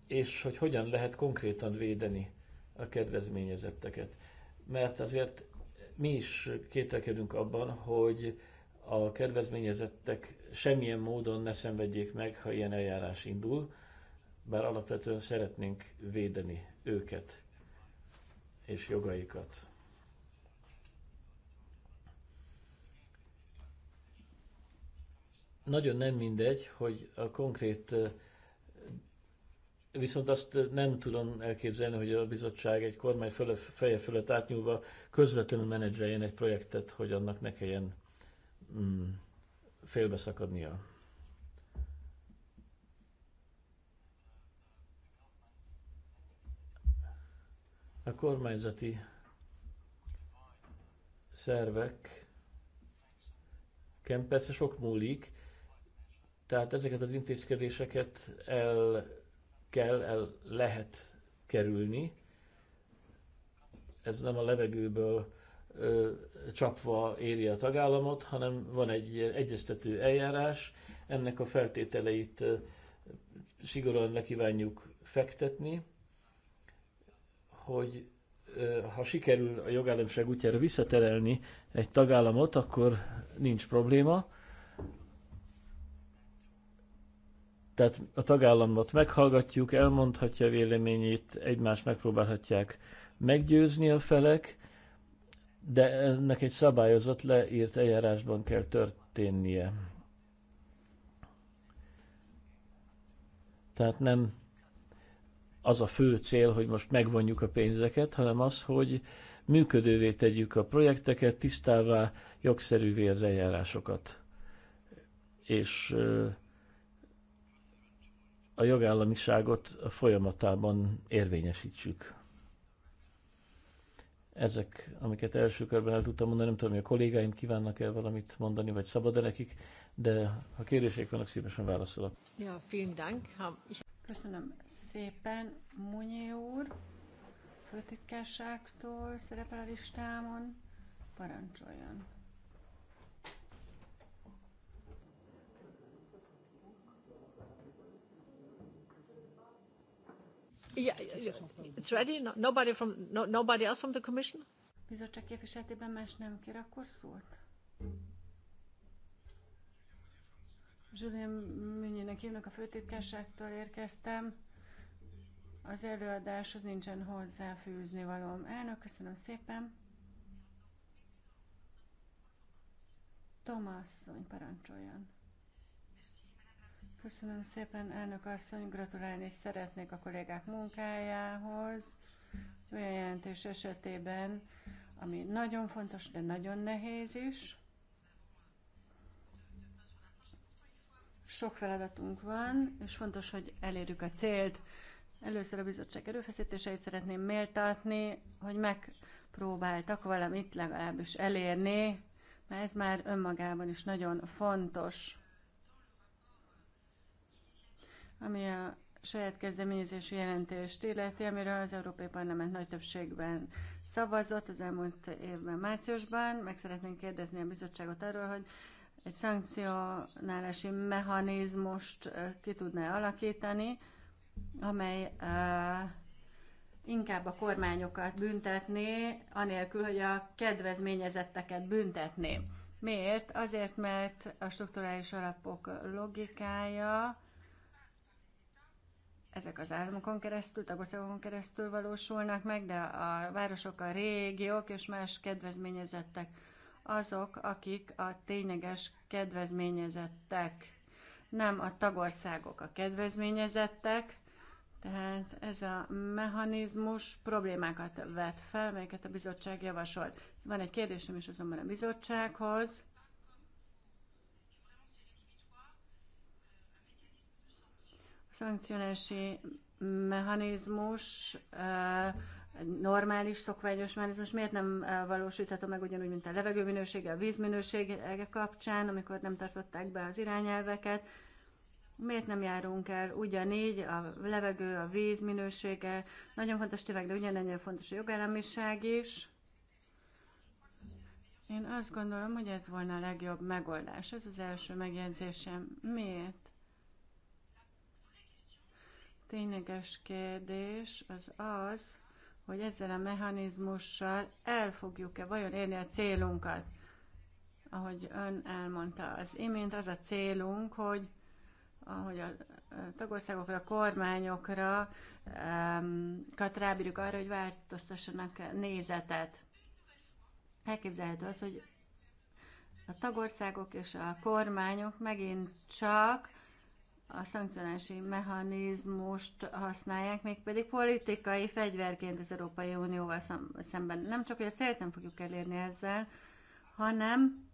és hogy hogyan lehet konkrétan védeni a kedvezményezetteket. Mert azért mi is kételkedünk abban, hogy a kedvezményezettek semmilyen módon ne szenvedjék meg, ha ilyen eljárás indul, bár alapvetően szeretnénk védeni őket és jogaikat. Nagyon nem mindegy, hogy a konkrét viszont azt nem tudom elképzelni, hogy a bizottság egy kormány fölött, feje fölött átnyúlva közvetlenül menedzseljen egy projektet, hogy annak ne kelljen mm, félbeszakadnia. A kormányzati szervek persze sok múlik, tehát ezeket az intézkedéseket el kell, el lehet kerülni. Ez nem a levegőből ö, csapva éri a tagállamot, hanem van egy egyeztető eljárás, ennek a feltételeit ö, szigorúan le kívánjuk fektetni, hogy ö, ha sikerül a jogállamiság útjára visszaterelni egy tagállamot, akkor nincs probléma, Tehát a tagállamot meghallgatjuk, elmondhatja véleményét, egymást megpróbálhatják meggyőzni a felek, de ennek egy szabályozott leírt eljárásban kell történnie. Tehát nem az a fő cél, hogy most megvonjuk a pénzeket, hanem az, hogy működővé tegyük a projekteket, tisztává, jogszerűvé az eljárásokat. És euh, a jogállamiságot a folyamatában érvényesítsük. Ezek, amiket első körben el tudtam mondani, nem tudom, hogy a kollégáim kívánnak-e valamit mondani, vagy szabad-e nekik, de ha kérdéseik vannak, szívesen válaszolok. Ja, vielen Dank. Köszönöm szépen, Munyi úr. Főtitkárságtól szerepel a listámon. Parancsoljon. Yeah, it's ready? No, nobody, from, no, nobody else from the commission? Bizottság képviseletében más nem kér akkor szót? Julien Műnyének hívnak a főtitkárságtól érkeztem. Az előadáshoz nincsen hozzáfűzni valóm. Elnök, köszönöm szépen. Tomasszony parancsoljon. Köszönöm szépen, elnök asszony, gratulálni szeretnék a kollégák munkájához. Olyan jelentés esetében, ami nagyon fontos, de nagyon nehéz is. Sok feladatunk van, és fontos, hogy elérjük a célt. Először a bizottság erőfeszítéseit szeretném méltatni, hogy megpróbáltak valamit legalábbis elérni, mert ez már önmagában is nagyon fontos ami a saját kezdeményezésű jelentést illeti, amiről az Európai Parlament nagy többségben szavazott az elmúlt évben márciusban. Meg szeretnénk kérdezni a bizottságot arról, hogy egy szankcionálási mechanizmust ki tudná alakítani, amely uh, inkább a kormányokat büntetné, anélkül, hogy a kedvezményezetteket büntetné. Miért? Azért, mert a strukturális alapok logikája ezek az államokon keresztül, tagországokon keresztül valósulnak meg, de a városok, a régiók és más kedvezményezettek azok, akik a tényleges kedvezményezettek, nem a tagországok a kedvezményezettek, tehát ez a mechanizmus problémákat vet fel, melyeket a bizottság javasolt. Van egy kérdésem is azonban a bizottsághoz. szankcionási mechanizmus eh, normális, szokványos mechanizmus miért nem eh, valósítható meg ugyanúgy, mint a levegőminősége, a vízminősége kapcsán, amikor nem tartották be az irányelveket, miért nem járunk el ugyanígy a levegő, a víz minősége, nagyon fontos tényleg, de ugyanennyire fontos a jogállamiság is. Én azt gondolom, hogy ez volna a legjobb megoldás. Ez az első megjegyzésem. Miért? tényleges kérdés az az, hogy ezzel a mechanizmussal el fogjuk-e vajon érni a célunkat. Ahogy ön elmondta az imént, az a célunk, hogy ahogy a tagországokra, a kormányokra um, rábírjuk arra, hogy változtassanak nézetet. Elképzelhető az, hogy a tagországok és a kormányok megint csak a szankcionási mechanizmust használják, mégpedig politikai fegyverként az Európai Unióval szemben. Nem csak, hogy a célt nem fogjuk elérni ezzel, hanem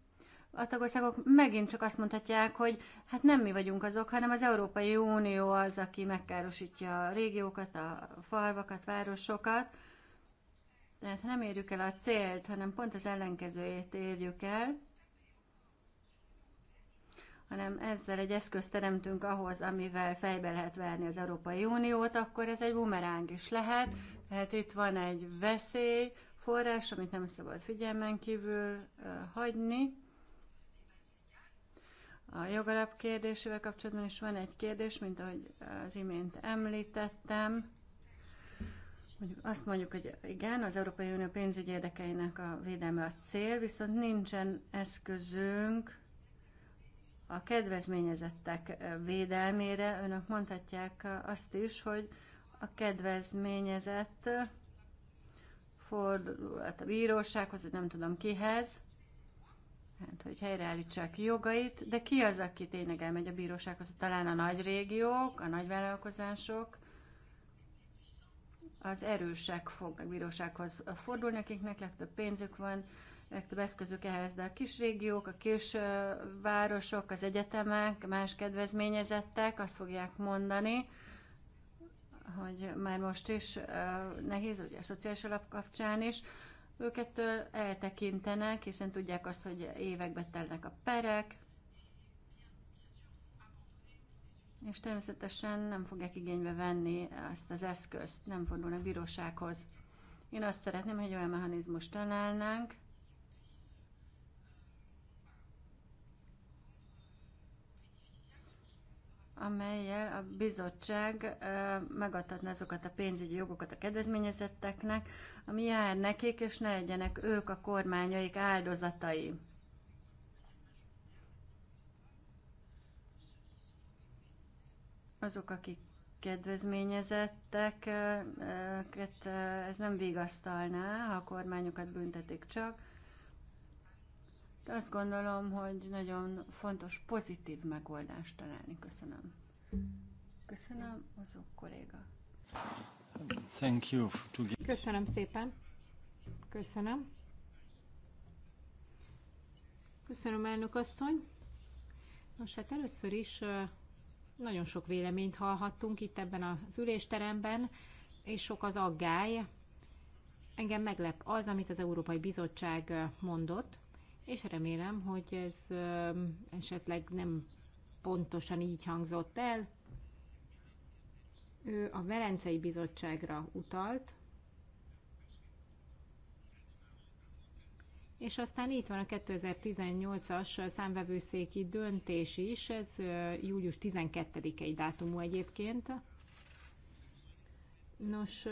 a tagországok megint csak azt mondhatják, hogy hát nem mi vagyunk azok, hanem az Európai Unió az, aki megkárosítja a régiókat, a falvakat, városokat. Tehát nem érjük el a célt, hanem pont az ellenkezőjét érjük el hanem ezzel egy eszközt teremtünk ahhoz, amivel fejbe lehet verni az Európai Uniót, akkor ez egy bumeráng is lehet. Tehát itt van egy veszély, forrás, amit nem szabad figyelmen kívül hagyni. A jogalap kérdésével kapcsolatban is van egy kérdés, mint ahogy az imént említettem. Mondjuk azt mondjuk, hogy igen, az Európai Unió pénzügyi érdekeinek a védelme a cél, viszont nincsen eszközünk a kedvezményezettek védelmére. Önök mondhatják azt is, hogy a kedvezményezett fordul hát a bírósághoz, nem tudom kihez, hát, hogy helyreállítsák jogait, de ki az, aki tényleg elmegy a bírósághoz? Talán a nagy régiók, a nagy vállalkozások, az erősek fognak bírósághoz fordulni, akiknek legtöbb pénzük van, legtöbb eszközük ehhez, de a kis régiók, a kis városok, az egyetemek, más kedvezményezettek azt fogják mondani, hogy már most is nehéz, ugye a szociális alap kapcsán is, őket eltekintenek, hiszen tudják azt, hogy évekbe telnek a perek, és természetesen nem fogják igénybe venni azt az eszközt, nem fordulnak bírósághoz. Én azt szeretném, hogy olyan mechanizmust találnánk, amelyel a bizottság megadhatna azokat a pénzügyi jogokat a kedvezményezetteknek, ami jár nekik, és ne legyenek ők a kormányaik áldozatai. Azok, akik kedvezményezetteket ez nem vigasztalná, ha a kormányokat büntetik csak, azt gondolom, hogy nagyon fontos pozitív megoldást találni. Köszönöm. Köszönöm, azok kolléga. Thank you. To... Köszönöm szépen. Köszönöm. Köszönöm, elnök asszony. Nos, hát először is nagyon sok véleményt hallhattunk itt ebben az ülésteremben, és sok az aggály. Engem meglep az, amit az Európai Bizottság mondott, és remélem, hogy ez esetleg nem pontosan így hangzott el. Ő a Velencei Bizottságra utalt, És aztán itt van a 2018-as számvevőszéki döntés is, ez július 12-i dátumú egyébként. Nos,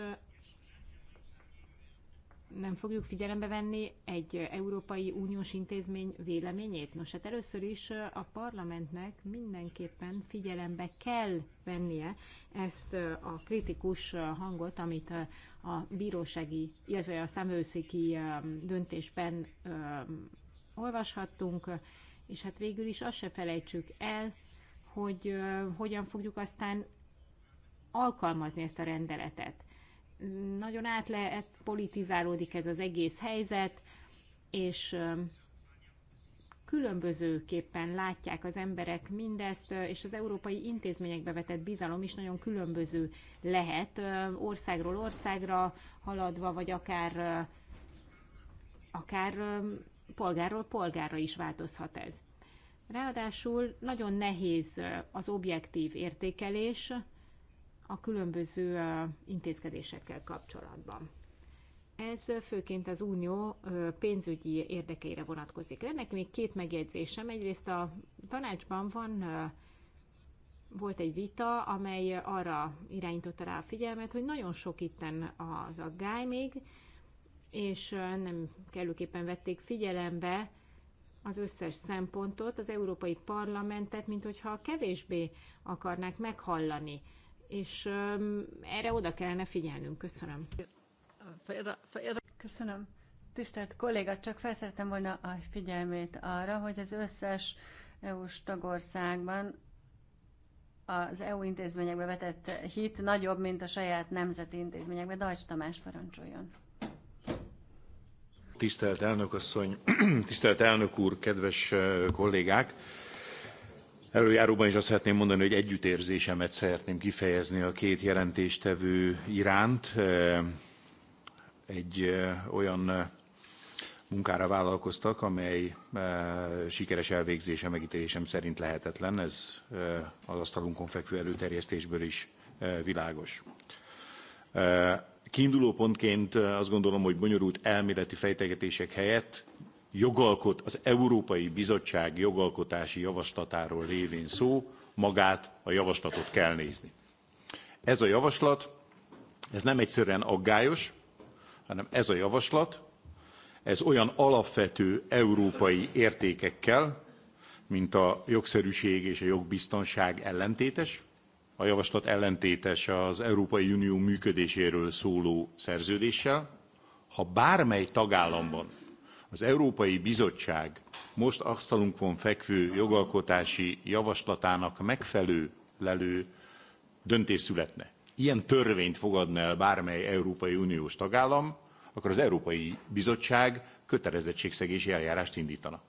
nem fogjuk figyelembe venni egy Európai Uniós intézmény véleményét? Nos, hát először is a parlamentnek mindenképpen figyelembe kell vennie ezt a kritikus hangot, amit a bírósági, illetve a számőszéki um, döntésben um, olvashattunk, és hát végül is azt se felejtsük el, hogy uh, hogyan fogjuk aztán alkalmazni ezt a rendeletet nagyon át lehet, politizálódik ez az egész helyzet, és különbözőképpen látják az emberek mindezt, és az európai intézményekbe vetett bizalom is nagyon különböző lehet, országról országra haladva, vagy akár, akár polgárról polgárra is változhat ez. Ráadásul nagyon nehéz az objektív értékelés, a különböző intézkedésekkel kapcsolatban. Ez főként az unió pénzügyi érdekeire vonatkozik. Ennek még két megjegyzésem. Egyrészt a tanácsban van volt egy vita, amely arra irányította rá a figyelmet, hogy nagyon sok itten az aggály még, és nem kellőképpen vették figyelembe az összes szempontot, az Európai Parlamentet, mint hogyha kevésbé akarnák meghallani és erre oda kellene figyelnünk. Köszönöm. Köszönöm. Tisztelt kolléga, csak felszerettem volna a figyelmét arra, hogy az összes EU-s tagországban az EU intézményekbe vetett hit nagyobb, mint a saját nemzeti intézményekbe. Dajcs Tamás parancsoljon. Tisztelt elnök asszony, tisztelt elnök úr, kedves kollégák! Előjáróban is azt szeretném mondani, hogy együttérzésemet szeretném kifejezni a két jelentéstevő iránt. Egy olyan munkára vállalkoztak, amely sikeres elvégzése megítélésem szerint lehetetlen. Ez az asztalunkon fekvő előterjesztésből is világos. Kiinduló pontként azt gondolom, hogy bonyolult elméleti fejtegetések helyett jogalkot, az Európai Bizottság jogalkotási javaslatáról lévén szó, magát a javaslatot kell nézni. Ez a javaslat, ez nem egyszerűen aggályos, hanem ez a javaslat, ez olyan alapvető európai értékekkel, mint a jogszerűség és a jogbiztonság ellentétes. A javaslat ellentétes az Európai Unió működéséről szóló szerződéssel. Ha bármely tagállamban az Európai Bizottság most asztalunkon fekvő jogalkotási javaslatának megfelelő döntés születne. Ilyen törvényt fogadna el bármely Európai Uniós tagállam, akkor az Európai Bizottság kötelezettségszegési eljárást indítana.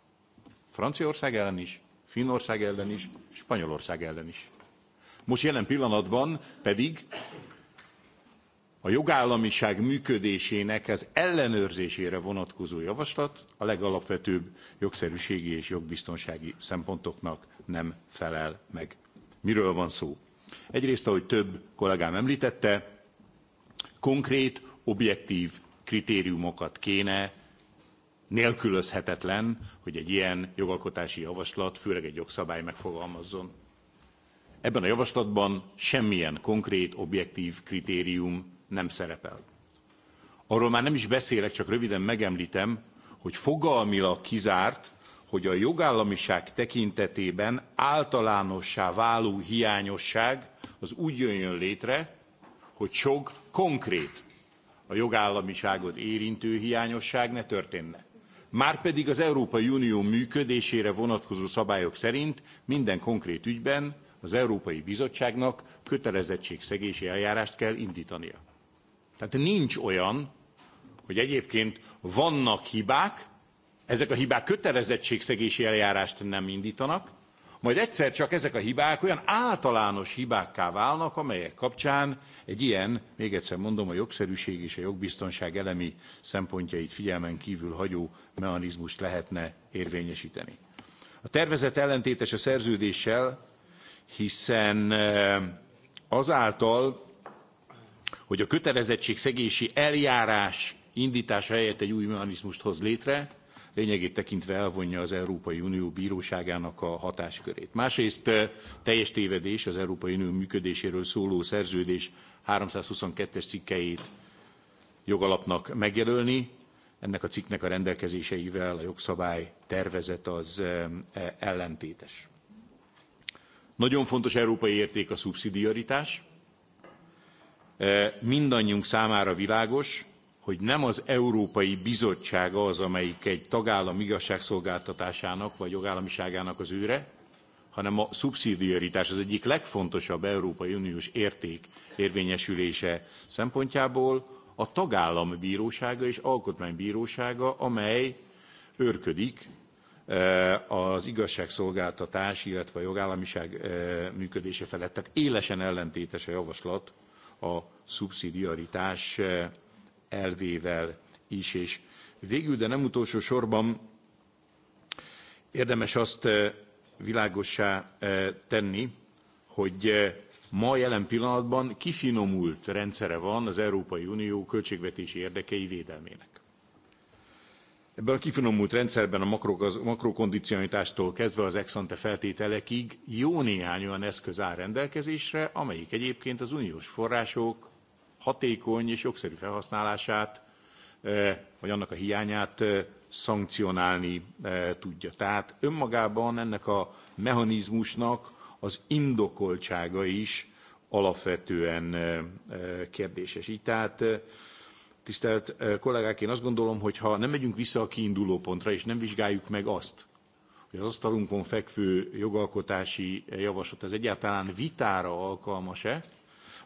Franciaország ellen is, Finnország ellen is, Spanyolország ellen is. Most jelen pillanatban pedig a jogállamiság működésének az ellenőrzésére vonatkozó javaslat a legalapvetőbb jogszerűségi és jogbiztonsági szempontoknak nem felel meg. Miről van szó? Egyrészt, ahogy több kollégám említette, konkrét, objektív kritériumokat kéne, nélkülözhetetlen, hogy egy ilyen jogalkotási javaslat, főleg egy jogszabály megfogalmazzon. Ebben a javaslatban semmilyen konkrét, objektív kritérium nem szerepel. Arról már nem is beszélek, csak röviden megemlítem, hogy fogalmilag kizárt, hogy a jogállamiság tekintetében általánossá váló hiányosság az úgy jönjön létre, hogy sok konkrét a jogállamiságot érintő hiányosság ne történne. Márpedig az Európai Unió működésére vonatkozó szabályok szerint minden konkrét ügyben az Európai Bizottságnak kötelezettségszegési eljárást kell indítania. Tehát nincs olyan, hogy egyébként vannak hibák, ezek a hibák kötelezettségszegési eljárást nem indítanak, majd egyszer csak ezek a hibák olyan általános hibákká válnak, amelyek kapcsán egy ilyen, még egyszer mondom, a jogszerűség és a jogbiztonság elemi szempontjait figyelmen kívül hagyó mechanizmust lehetne érvényesíteni. A tervezet ellentétes a szerződéssel, hiszen eh, azáltal, hogy a kötelezettségszegési eljárás indítása helyett egy új mechanizmust hoz létre, lényegét tekintve elvonja az Európai Unió bíróságának a hatáskörét. Másrészt eh, teljes tévedés az Európai Unió működéséről szóló szerződés 322-es cikkeit jogalapnak megjelölni. Ennek a cikknek a rendelkezéseivel a jogszabály tervezet az eh, ellentétes. Nagyon fontos európai érték a szubszidiaritás, mindannyiunk számára világos, hogy nem az Európai Bizottsága az, amelyik egy tagállam igazságszolgáltatásának vagy jogállamiságának az őre, hanem a szubszidiaritás az egyik legfontosabb Európai Uniós érték érvényesülése szempontjából a tagállam bírósága és alkotmánybírósága, amely őrködik az igazságszolgáltatás, illetve a jogállamiság működése felett. Tehát élesen ellentétes a javaslat a szubszidiaritás eh, elvével is. És végül, de nem utolsó sorban érdemes azt eh, világossá eh, tenni, hogy ma jelen pillanatban kifinomult rendszere van az Európai Unió költségvetési érdekei védelmének. Ebben a kifinomult rendszerben a makrokondicionitástól kezdve az exante feltételekig jó néhány olyan eszköz áll rendelkezésre, amelyik egyébként az uniós források hatékony és jogszerű felhasználását, eh, vagy annak a hiányát eh, szankcionálni eh, tudja. Tehát önmagában ennek a mechanizmusnak az indokoltsága is alapvetően kérdéses. Így tehát Tisztelt eh, kollégák, én azt gondolom, hogy ha nem megyünk vissza a kiinduló pontra, és nem vizsgáljuk meg azt, hogy az asztalunkon fekvő jogalkotási javaslat az egyáltalán vitára alkalmas-e,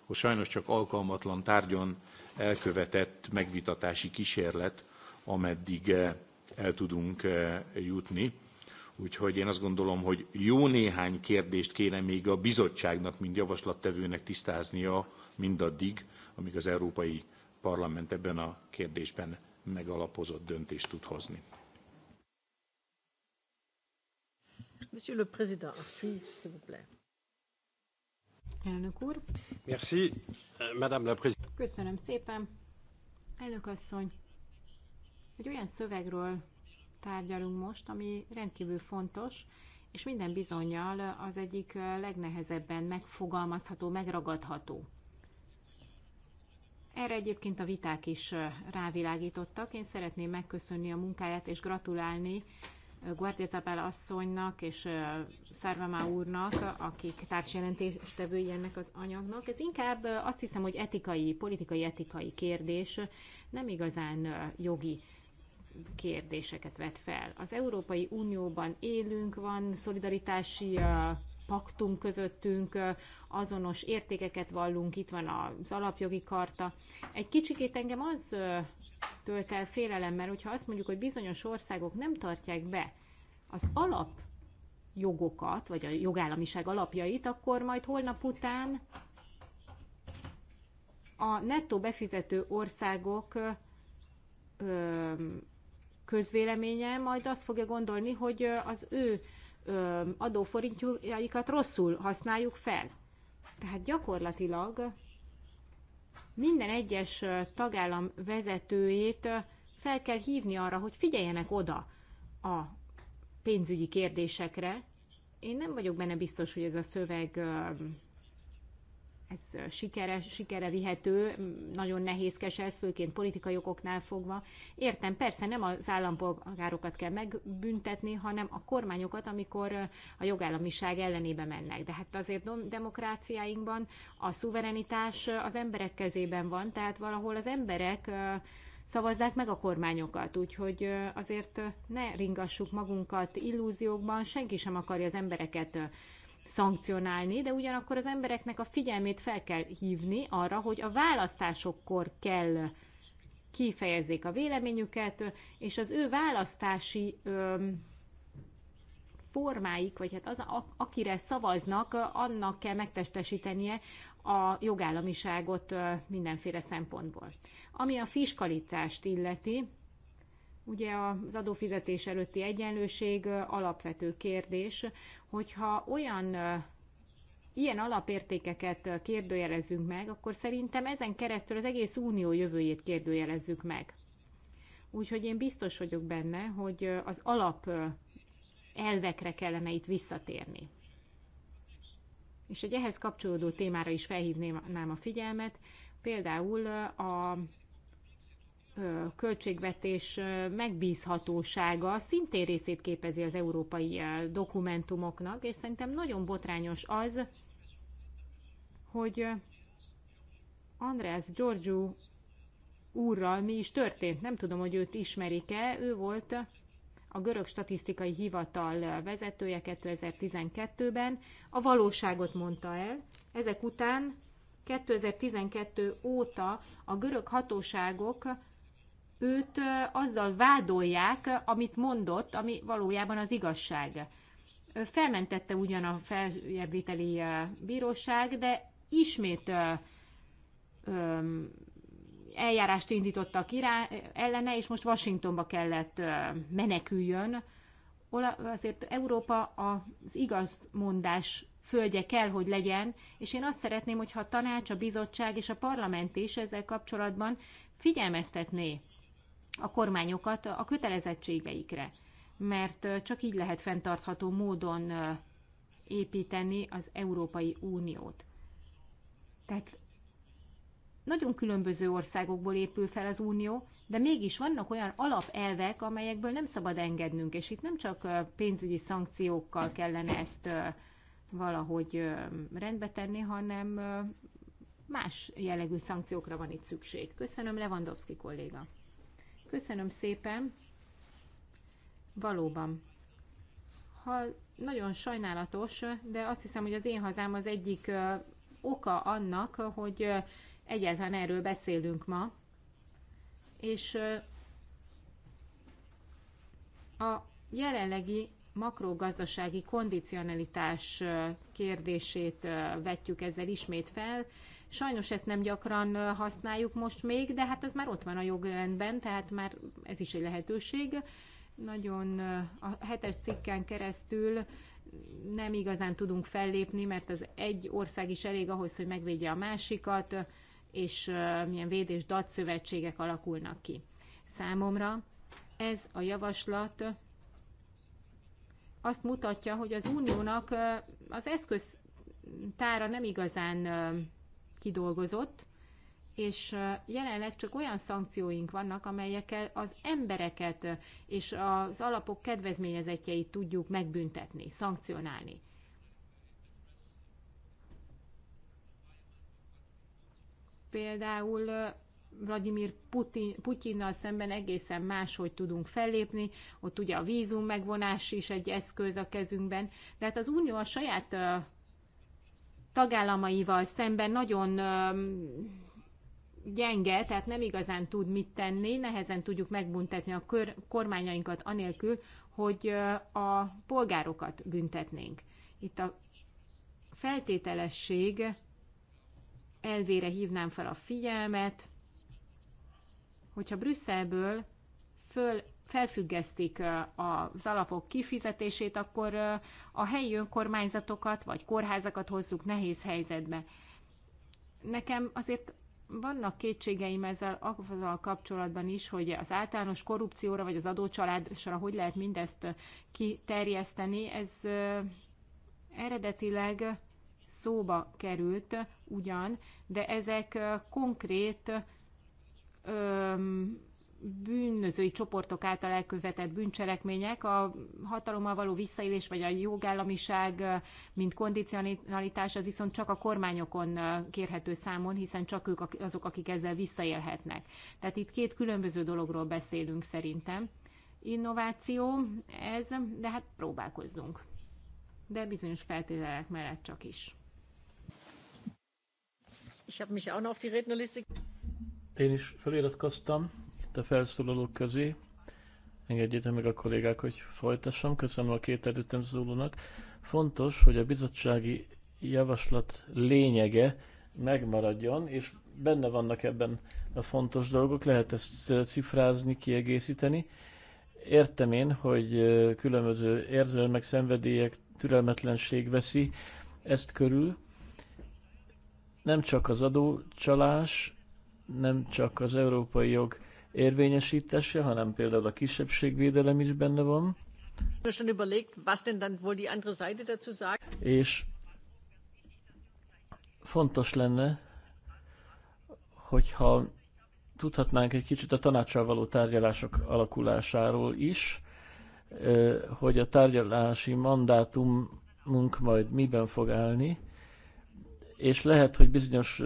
akkor sajnos csak alkalmatlan tárgyon elkövetett megvitatási kísérlet, ameddig eh, el tudunk eh, jutni. Úgyhogy én azt gondolom, hogy jó néhány kérdést kéne még a bizottságnak, mint javaslattevőnek tisztáznia mindaddig, amíg az Európai parlament ebben a kérdésben megalapozott döntést tud hozni. Monsieur le Président, s'il vous plaît. Elnök úr. Merci, Madame la Présidente. Köszönöm szépen. Elnök asszony, egy olyan szövegről tárgyalunk most, ami rendkívül fontos, és minden bizonyal az egyik legnehezebben megfogalmazható, megragadható erre egyébként a viták is rávilágítottak. Én szeretném megköszönni a munkáját és gratulálni Guardia Zabel asszonynak és Szárvamá úrnak, akik társjelentéstevői ennek az anyagnak. Ez inkább azt hiszem, hogy etikai, politikai etikai kérdés, nem igazán jogi kérdéseket vet fel. Az Európai Unióban élünk, van szolidaritási paktum közöttünk, azonos értékeket vallunk, itt van az alapjogi karta. Egy kicsikét engem az tölt el mert hogyha azt mondjuk, hogy bizonyos országok nem tartják be az alap jogokat, vagy a jogállamiság alapjait, akkor majd holnap után a nettó befizető országok közvéleménye majd azt fogja gondolni, hogy az ő adóforintjaikat rosszul használjuk fel. Tehát gyakorlatilag minden egyes tagállam vezetőjét fel kell hívni arra, hogy figyeljenek oda a pénzügyi kérdésekre. Én nem vagyok benne biztos, hogy ez a szöveg ez sikere, sikere vihető, nagyon nehézkes ez, főként politikai okoknál fogva. Értem, persze nem az állampolgárokat kell megbüntetni, hanem a kormányokat, amikor a jogállamiság ellenébe mennek. De hát azért demokráciáinkban a szuverenitás az emberek kezében van, tehát valahol az emberek szavazzák meg a kormányokat, úgyhogy azért ne ringassuk magunkat illúziókban, senki sem akarja az embereket szankcionálni, de ugyanakkor az embereknek a figyelmét fel kell hívni arra, hogy a választásokkor kell kifejezzék a véleményüket, és az ő választási öm, formáik, vagy hát az, akire szavaznak, annak kell megtestesítenie a jogállamiságot mindenféle szempontból. Ami a fiskalitást illeti, ugye az adófizetés előtti egyenlőség alapvető kérdés, hogyha olyan ilyen alapértékeket kérdőjelezünk meg, akkor szerintem ezen keresztül az egész unió jövőjét kérdőjelezzük meg. Úgyhogy én biztos vagyok benne, hogy az alap elvekre kellene itt visszatérni. És egy ehhez kapcsolódó témára is felhívnám a figyelmet, például a költségvetés megbízhatósága szintén részét képezi az európai dokumentumoknak, és szerintem nagyon botrányos az, hogy András Giorgio úrral mi is történt. Nem tudom, hogy őt ismerik-e. Ő volt a görög statisztikai hivatal vezetője 2012-ben. A valóságot mondta el. Ezek után 2012 óta a görög hatóságok őt azzal vádolják, amit mondott, ami valójában az igazság. Felmentette ugyan a feljebbviteli bíróság, de ismét eljárást indítottak irá, ellene, és most Washingtonba kellett meneküljön. Azért Európa az igazmondás földje kell, hogy legyen, és én azt szeretném, hogyha a tanács, a bizottság és a parlament is ezzel kapcsolatban figyelmeztetné a kormányokat a kötelezettségeikre, mert csak így lehet fenntartható módon építeni az Európai Uniót. Tehát nagyon különböző országokból épül fel az unió, de mégis vannak olyan alapelvek, amelyekből nem szabad engednünk, és itt nem csak pénzügyi szankciókkal kellene ezt valahogy rendbe tenni, hanem más jellegű szankciókra van itt szükség. Köszönöm, Lewandowski kolléga. Köszönöm szépen. Valóban. Ha nagyon sajnálatos, de azt hiszem, hogy az én hazám az egyik oka annak, hogy egyáltalán erről beszélünk ma. És a jelenlegi makrogazdasági kondicionalitás kérdését vetjük ezzel ismét fel, Sajnos ezt nem gyakran használjuk most még, de hát ez már ott van a jogrendben, tehát már ez is egy lehetőség. Nagyon a hetes cikken keresztül nem igazán tudunk fellépni, mert az egy ország is elég ahhoz, hogy megvédje a másikat, és milyen védés datszövetségek szövetségek alakulnak ki. Számomra ez a javaslat azt mutatja, hogy az uniónak az eszköztára nem igazán kidolgozott, és jelenleg csak olyan szankcióink vannak, amelyekkel az embereket és az alapok kedvezményezetjeit tudjuk megbüntetni, szankcionálni. Például Vladimir Putin, Putyinnal szemben egészen máshogy tudunk fellépni, ott ugye a vízum megvonás is egy eszköz a kezünkben, de hát az Unió a saját tagállamaival szemben nagyon gyenge, tehát nem igazán tud mit tenni, nehezen tudjuk megbuntetni a kör, kormányainkat anélkül, hogy a polgárokat büntetnénk. Itt a feltételesség elvére hívnám fel a figyelmet, hogyha Brüsszelből föl felfüggesztik az alapok kifizetését, akkor a helyi önkormányzatokat vagy kórházakat hozzuk nehéz helyzetbe. Nekem azért vannak kétségeim ezzel azzal kapcsolatban is, hogy az általános korrupcióra vagy az adócsaládra hogy lehet mindezt kiterjeszteni. Ez eredetileg szóba került ugyan, de ezek konkrét öm, bűnözői csoportok által elkövetett bűncselekmények, a hatalommal való visszaélés vagy a jogállamiság, mint kondicionalitás, az viszont csak a kormányokon kérhető számon, hiszen csak ők azok, akik ezzel visszaélhetnek. Tehát itt két különböző dologról beszélünk szerintem. Innováció ez, de hát próbálkozzunk. De bizonyos feltételek mellett csak is. Ich habe mich auch noch auf die Rednerliste. Én is feliratkoztam itt a felszólalók közé. Engedjétek meg a kollégák, hogy folytassam. Köszönöm a két előttem szólónak. Fontos, hogy a bizottsági javaslat lényege megmaradjon, és benne vannak ebben a fontos dolgok, lehet ezt cifrázni, kiegészíteni. Értem én, hogy különböző érzelmek, szenvedélyek, türelmetlenség veszi ezt körül. Nem csak az adócsalás, nem csak az európai jog érvényesítése, hanem például a kisebbségvédelem is benne van. És fontos lenne, hogyha tudhatnánk egy kicsit a tanácssal való tárgyalások alakulásáról is, hogy a tárgyalási mandátumunk majd miben fog állni, és lehet, hogy bizonyos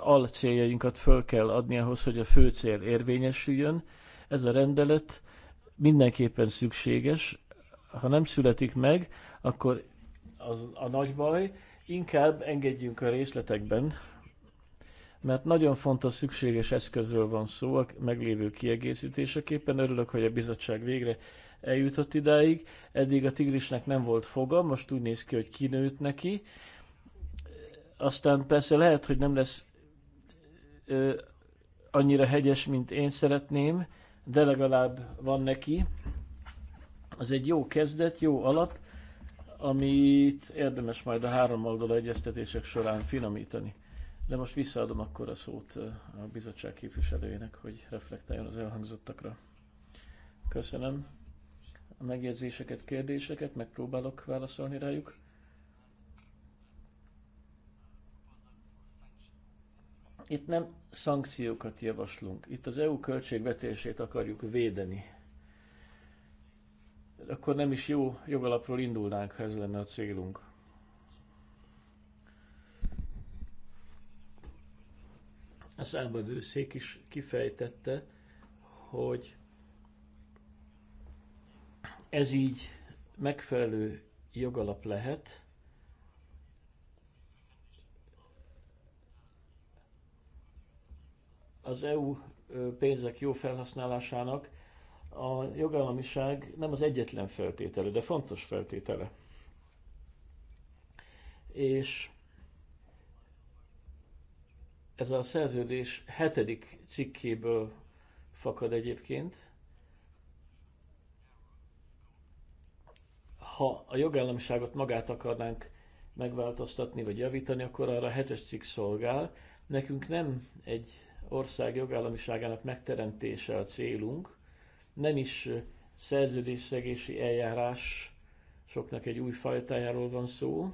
alcéljainkat föl kell adni ahhoz, hogy a fő cél érvényesüljön. Ez a rendelet mindenképpen szükséges. Ha nem születik meg, akkor az a nagy baj. Inkább engedjünk a részletekben, mert nagyon fontos, szükséges eszközről van szó a meglévő kiegészítéseképpen. Örülök, hogy a bizottság végre eljutott idáig. Eddig a tigrisnek nem volt foga, most úgy néz ki, hogy kinőtt neki. Aztán persze lehet, hogy nem lesz ö, annyira hegyes, mint én szeretném, de legalább van neki. Az egy jó kezdet, jó alap, amit érdemes majd a három oldala egyeztetések során finomítani. De most visszaadom akkor a szót a bizottság képviselőjének, hogy reflektáljon az elhangzottakra. Köszönöm a megjegyzéseket, kérdéseket, megpróbálok válaszolni rájuk. Itt nem szankciókat javaslunk, itt az EU költségvetését akarjuk védeni. Akkor nem is jó jogalapról indulnánk, ha ez lenne a célunk. A Szék is kifejtette, hogy ez így megfelelő jogalap lehet, az EU pénzek jó felhasználásának a jogállamiság nem az egyetlen feltétele, de fontos feltétele. És ez a szerződés hetedik cikkéből fakad egyébként. Ha a jogállamiságot magát akarnánk megváltoztatni vagy javítani, akkor arra a hetes cikk szolgál. Nekünk nem egy ország jogállamiságának megteremtése a célunk, nem is szerződésszegési eljárás soknak egy új fajtájáról van szó,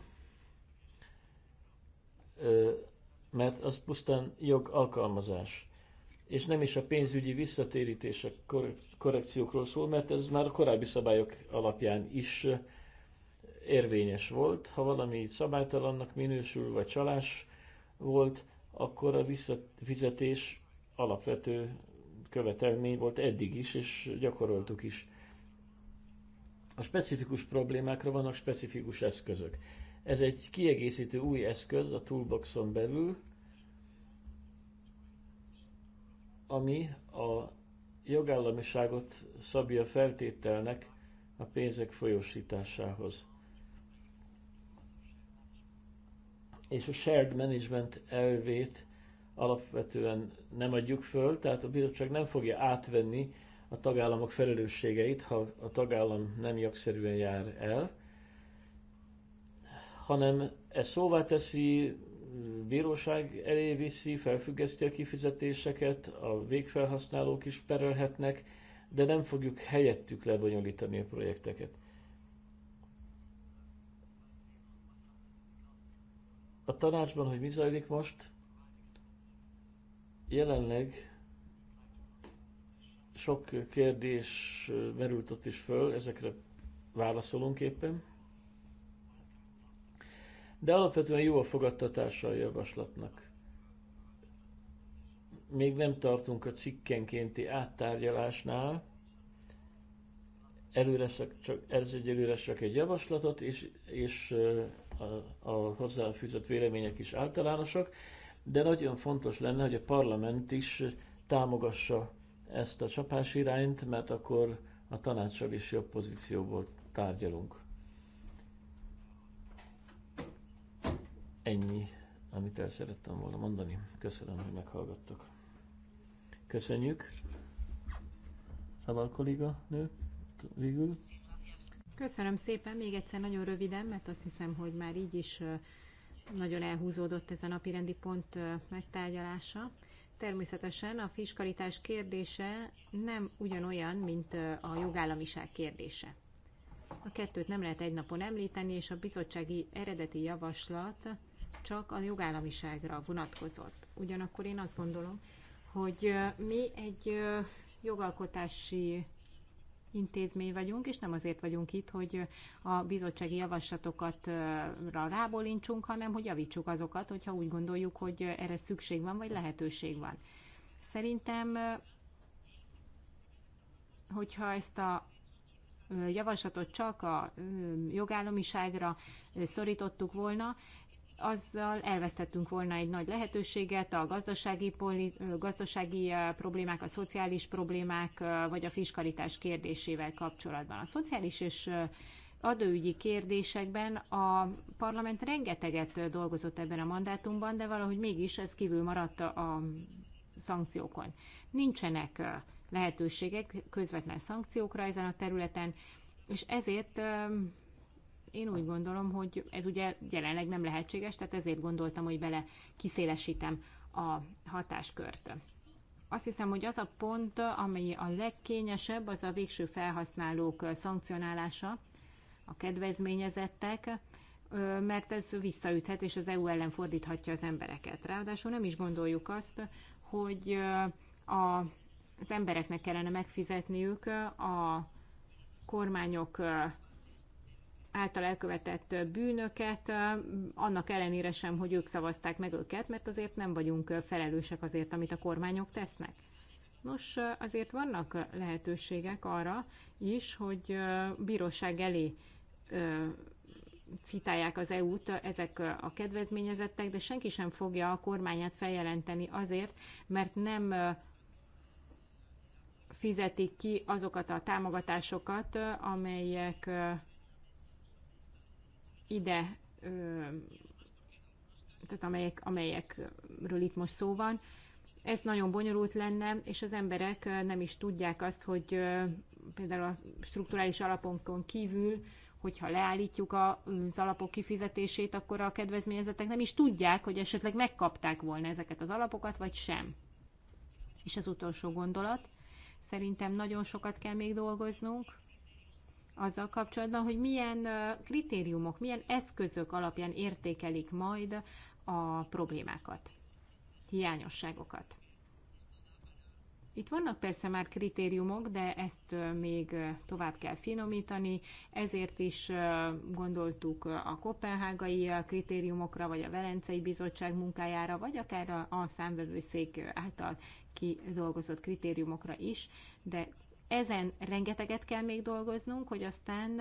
mert az pusztán jogalkalmazás. És nem is a pénzügyi visszatérítések, korrekciókról szól, mert ez már a korábbi szabályok alapján is érvényes volt. Ha valami szabálytalannak minősül, vagy csalás volt, akkor a visszafizetés alapvető követelmény volt eddig is, és gyakoroltuk is. A specifikus problémákra vannak specifikus eszközök. Ez egy kiegészítő új eszköz a toolboxon belül, ami a jogállamiságot szabja feltételnek a pénzek folyósításához. és a shared management elvét alapvetően nem adjuk föl, tehát a bizottság nem fogja átvenni a tagállamok felelősségeit, ha a tagállam nem jogszerűen jár el, hanem ez szóvá teszi, bíróság elé viszi, felfüggeszti a kifizetéseket, a végfelhasználók is perelhetnek, de nem fogjuk helyettük lebonyolítani a projekteket. A tanácsban, hogy mi zajlik most, jelenleg sok kérdés merült ott is föl, ezekre válaszolunk éppen. De alapvetően jó a fogadtatása a javaslatnak. Még nem tartunk a cikkenkénti áttárgyalásnál, előre csak, ez egyelőre csak egy javaslatot, és, és a, a hozzáfűzött vélemények is általánosak, de nagyon fontos lenne, hogy a parlament is támogassa ezt a csapás irányt, mert akkor a tanácssal is jobb pozícióból tárgyalunk. Ennyi, amit el szerettem volna mondani. Köszönöm, hogy meghallgattak. Köszönjük. Szabad kolléga nő, végül. Köszönöm szépen, még egyszer nagyon röviden, mert azt hiszem, hogy már így is nagyon elhúzódott ez a napi rendi pont megtárgyalása. Természetesen a fiskalitás kérdése nem ugyanolyan, mint a jogállamiság kérdése. A kettőt nem lehet egy napon említeni, és a bizottsági eredeti javaslat csak a jogállamiságra vonatkozott. Ugyanakkor én azt gondolom, hogy mi egy jogalkotási intézmény vagyunk, és nem azért vagyunk itt, hogy a bizottsági javaslatokat eh, rábólincsunk, hanem hogy javítsuk azokat, hogyha úgy gondoljuk, hogy erre szükség van, vagy lehetőség van. Szerintem, eh, hogyha ezt a eh, javaslatot csak a jogállamiságra szorítottuk volna, azzal elvesztettünk volna egy nagy lehetőséget, a gazdasági, poli, gazdasági problémák, a szociális problémák, vagy a fiskalitás kérdésével kapcsolatban. A szociális és adóügyi kérdésekben a parlament rengeteget dolgozott ebben a mandátumban, de valahogy mégis ez kívül maradt a szankciókon. Nincsenek lehetőségek közvetlen szankciókra ezen a területen, és ezért én úgy gondolom, hogy ez ugye jelenleg nem lehetséges, tehát ezért gondoltam, hogy bele kiszélesítem a hatáskört. Azt hiszem, hogy az a pont, amely a legkényesebb, az a végső felhasználók szankcionálása, a kedvezményezettek, mert ez visszaüthet, és az EU ellen fordíthatja az embereket. Ráadásul nem is gondoljuk azt, hogy a, az embereknek kellene megfizetniük a kormányok által elkövetett bűnöket, annak ellenére sem, hogy ők szavazták meg őket, mert azért nem vagyunk felelősek azért, amit a kormányok tesznek. Nos, azért vannak lehetőségek arra is, hogy bíróság elé citálják az EU-t ezek a kedvezményezettek, de senki sem fogja a kormányát feljelenteni azért, mert nem fizetik ki azokat a támogatásokat, amelyek ide, tehát amelyek, amelyekről itt most szó van, ez nagyon bonyolult lenne, és az emberek nem is tudják azt, hogy például a strukturális alaponkon kívül, hogyha leállítjuk az alapok kifizetését, akkor a kedvezményezetek nem is tudják, hogy esetleg megkapták volna ezeket az alapokat, vagy sem. És az utolsó gondolat. Szerintem nagyon sokat kell még dolgoznunk, azzal kapcsolatban, hogy milyen kritériumok, milyen eszközök alapján értékelik majd a problémákat, hiányosságokat. Itt vannak persze már kritériumok, de ezt még tovább kell finomítani, ezért is gondoltuk a kopenhágai kritériumokra, vagy a Velencei Bizottság munkájára, vagy akár a számvevőszék által kidolgozott kritériumokra is, de ezen rengeteget kell még dolgoznunk, hogy aztán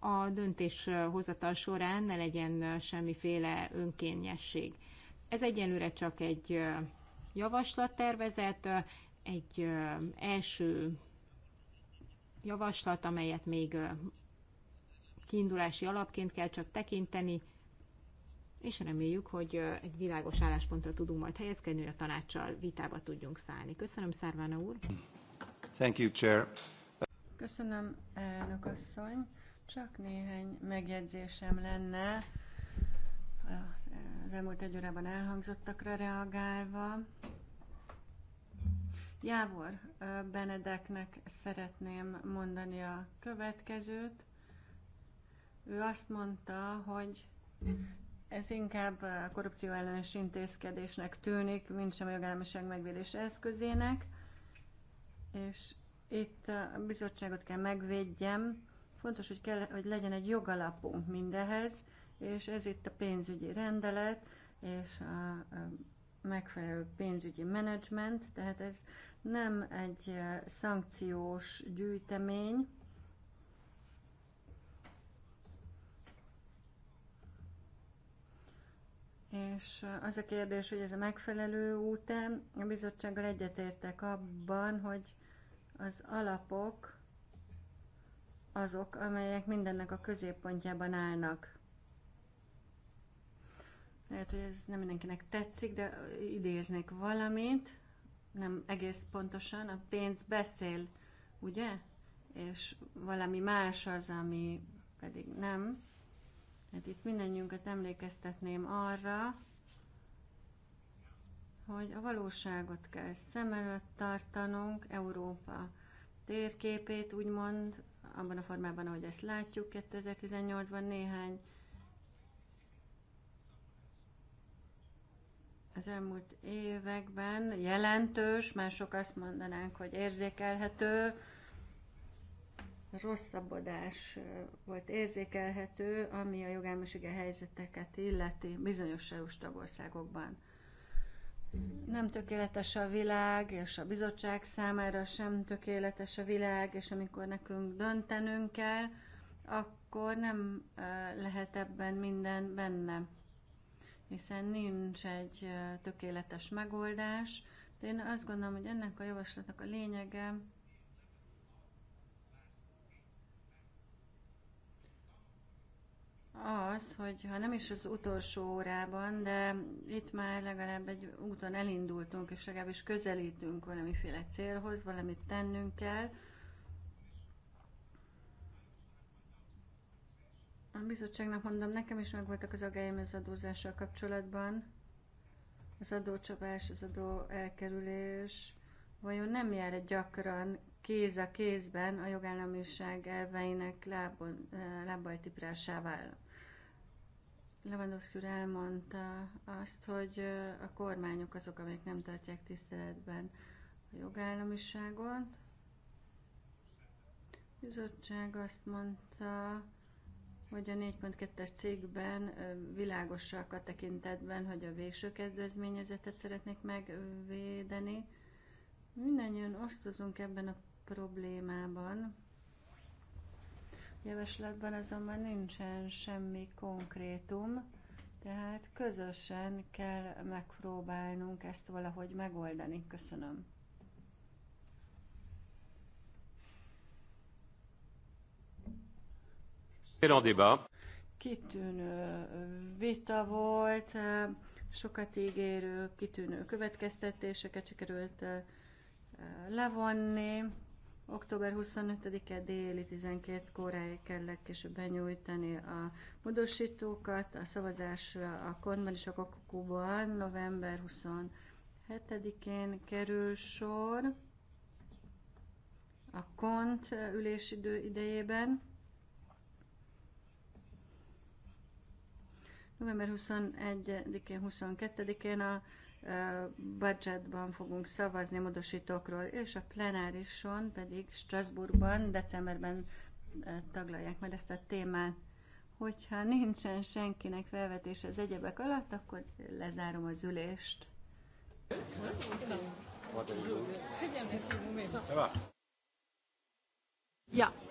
a döntéshozatal során ne legyen semmiféle önkényesség. Ez egyenlőre csak egy javaslattervezet, egy első javaslat, amelyet még kiindulási alapként kell csak tekinteni, és reméljük, hogy egy világos álláspontra tudunk majd helyezkedni, hogy a tanácssal vitába tudjunk szállni. Köszönöm, Szárvána úr! Thank you, Chair. Köszönöm, elnök asszony. Csak néhány megjegyzésem lenne az elmúlt egy órában elhangzottakra reagálva. Jávor Benedeknek szeretném mondani a következőt. Ő azt mondta, hogy ez inkább korrupció ellenes intézkedésnek tűnik, mint sem a jogállamiság megvédés eszközének és itt a bizottságot kell megvédjem. Fontos, hogy, kell, hogy legyen egy jogalapunk mindehez, és ez itt a pénzügyi rendelet, és a, a megfelelő pénzügyi menedzsment, tehát ez nem egy szankciós gyűjtemény, És az a kérdés, hogy ez a megfelelő úte, a bizottsággal egyetértek abban, hogy az alapok azok, amelyek mindennek a középpontjában állnak. Lehet, hogy ez nem mindenkinek tetszik, de idéznék valamit, nem egész pontosan. A pénz beszél, ugye? És valami más az, ami pedig nem. Hát itt mindennyiunkat emlékeztetném arra, hogy a valóságot kell szem előtt tartanunk, Európa térképét úgymond, abban a formában, ahogy ezt látjuk 2018-ban néhány az elmúlt években jelentős, mások azt mondanánk, hogy érzékelhető, rosszabbodás volt érzékelhető, ami a jogállamisége helyzeteket illeti bizonyos EU tagországokban. Nem tökéletes a világ, és a bizottság számára sem tökéletes a világ, és amikor nekünk döntenünk kell, akkor nem lehet ebben minden benne. Hiszen nincs egy tökéletes megoldás, de én azt gondolom, hogy ennek a javaslatnak a lényege az, hogy ha nem is az utolsó órában, de itt már legalább egy úton elindultunk, és legalábbis közelítünk valamiféle célhoz, valamit tennünk kell. A bizottságnak mondom, nekem is megvoltak az agályaim az adózással kapcsolatban. Az adócsapás, az adó elkerülés vajon nem jár egy gyakran kéz a kézben a jogállamiság elveinek eh, lábbal tiprásával? Lewandowski úr elmondta azt, hogy a kormányok azok, amelyek nem tartják tiszteletben a jogállamiságot. A bizottság azt mondta, hogy a 4.2-es cégben világosak a tekintetben, hogy a végső kedvezményezetet szeretnék megvédeni. Mindennyian osztozunk ebben a problémában javaslatban azonban nincsen semmi konkrétum, tehát közösen kell megpróbálnunk ezt valahogy megoldani. Köszönöm. Kitűnő vita volt, sokat ígérő, kitűnő következtetéseket sikerült levonni. Október 25-e déli 12 koráig kell legkésőbb benyújtani a módosítókat, a szavazásra a Kontban és a kokokúban november 27-én kerül sor a Kont ülésidő idejében. November 21-én, 22-én a budgetban fogunk szavazni módosítókról, és a plenárison pedig Strasbourgban decemberben taglalják majd ezt a témát. Hogyha nincsen senkinek felvetése az egyebek alatt, akkor lezárom az ülést. Ja.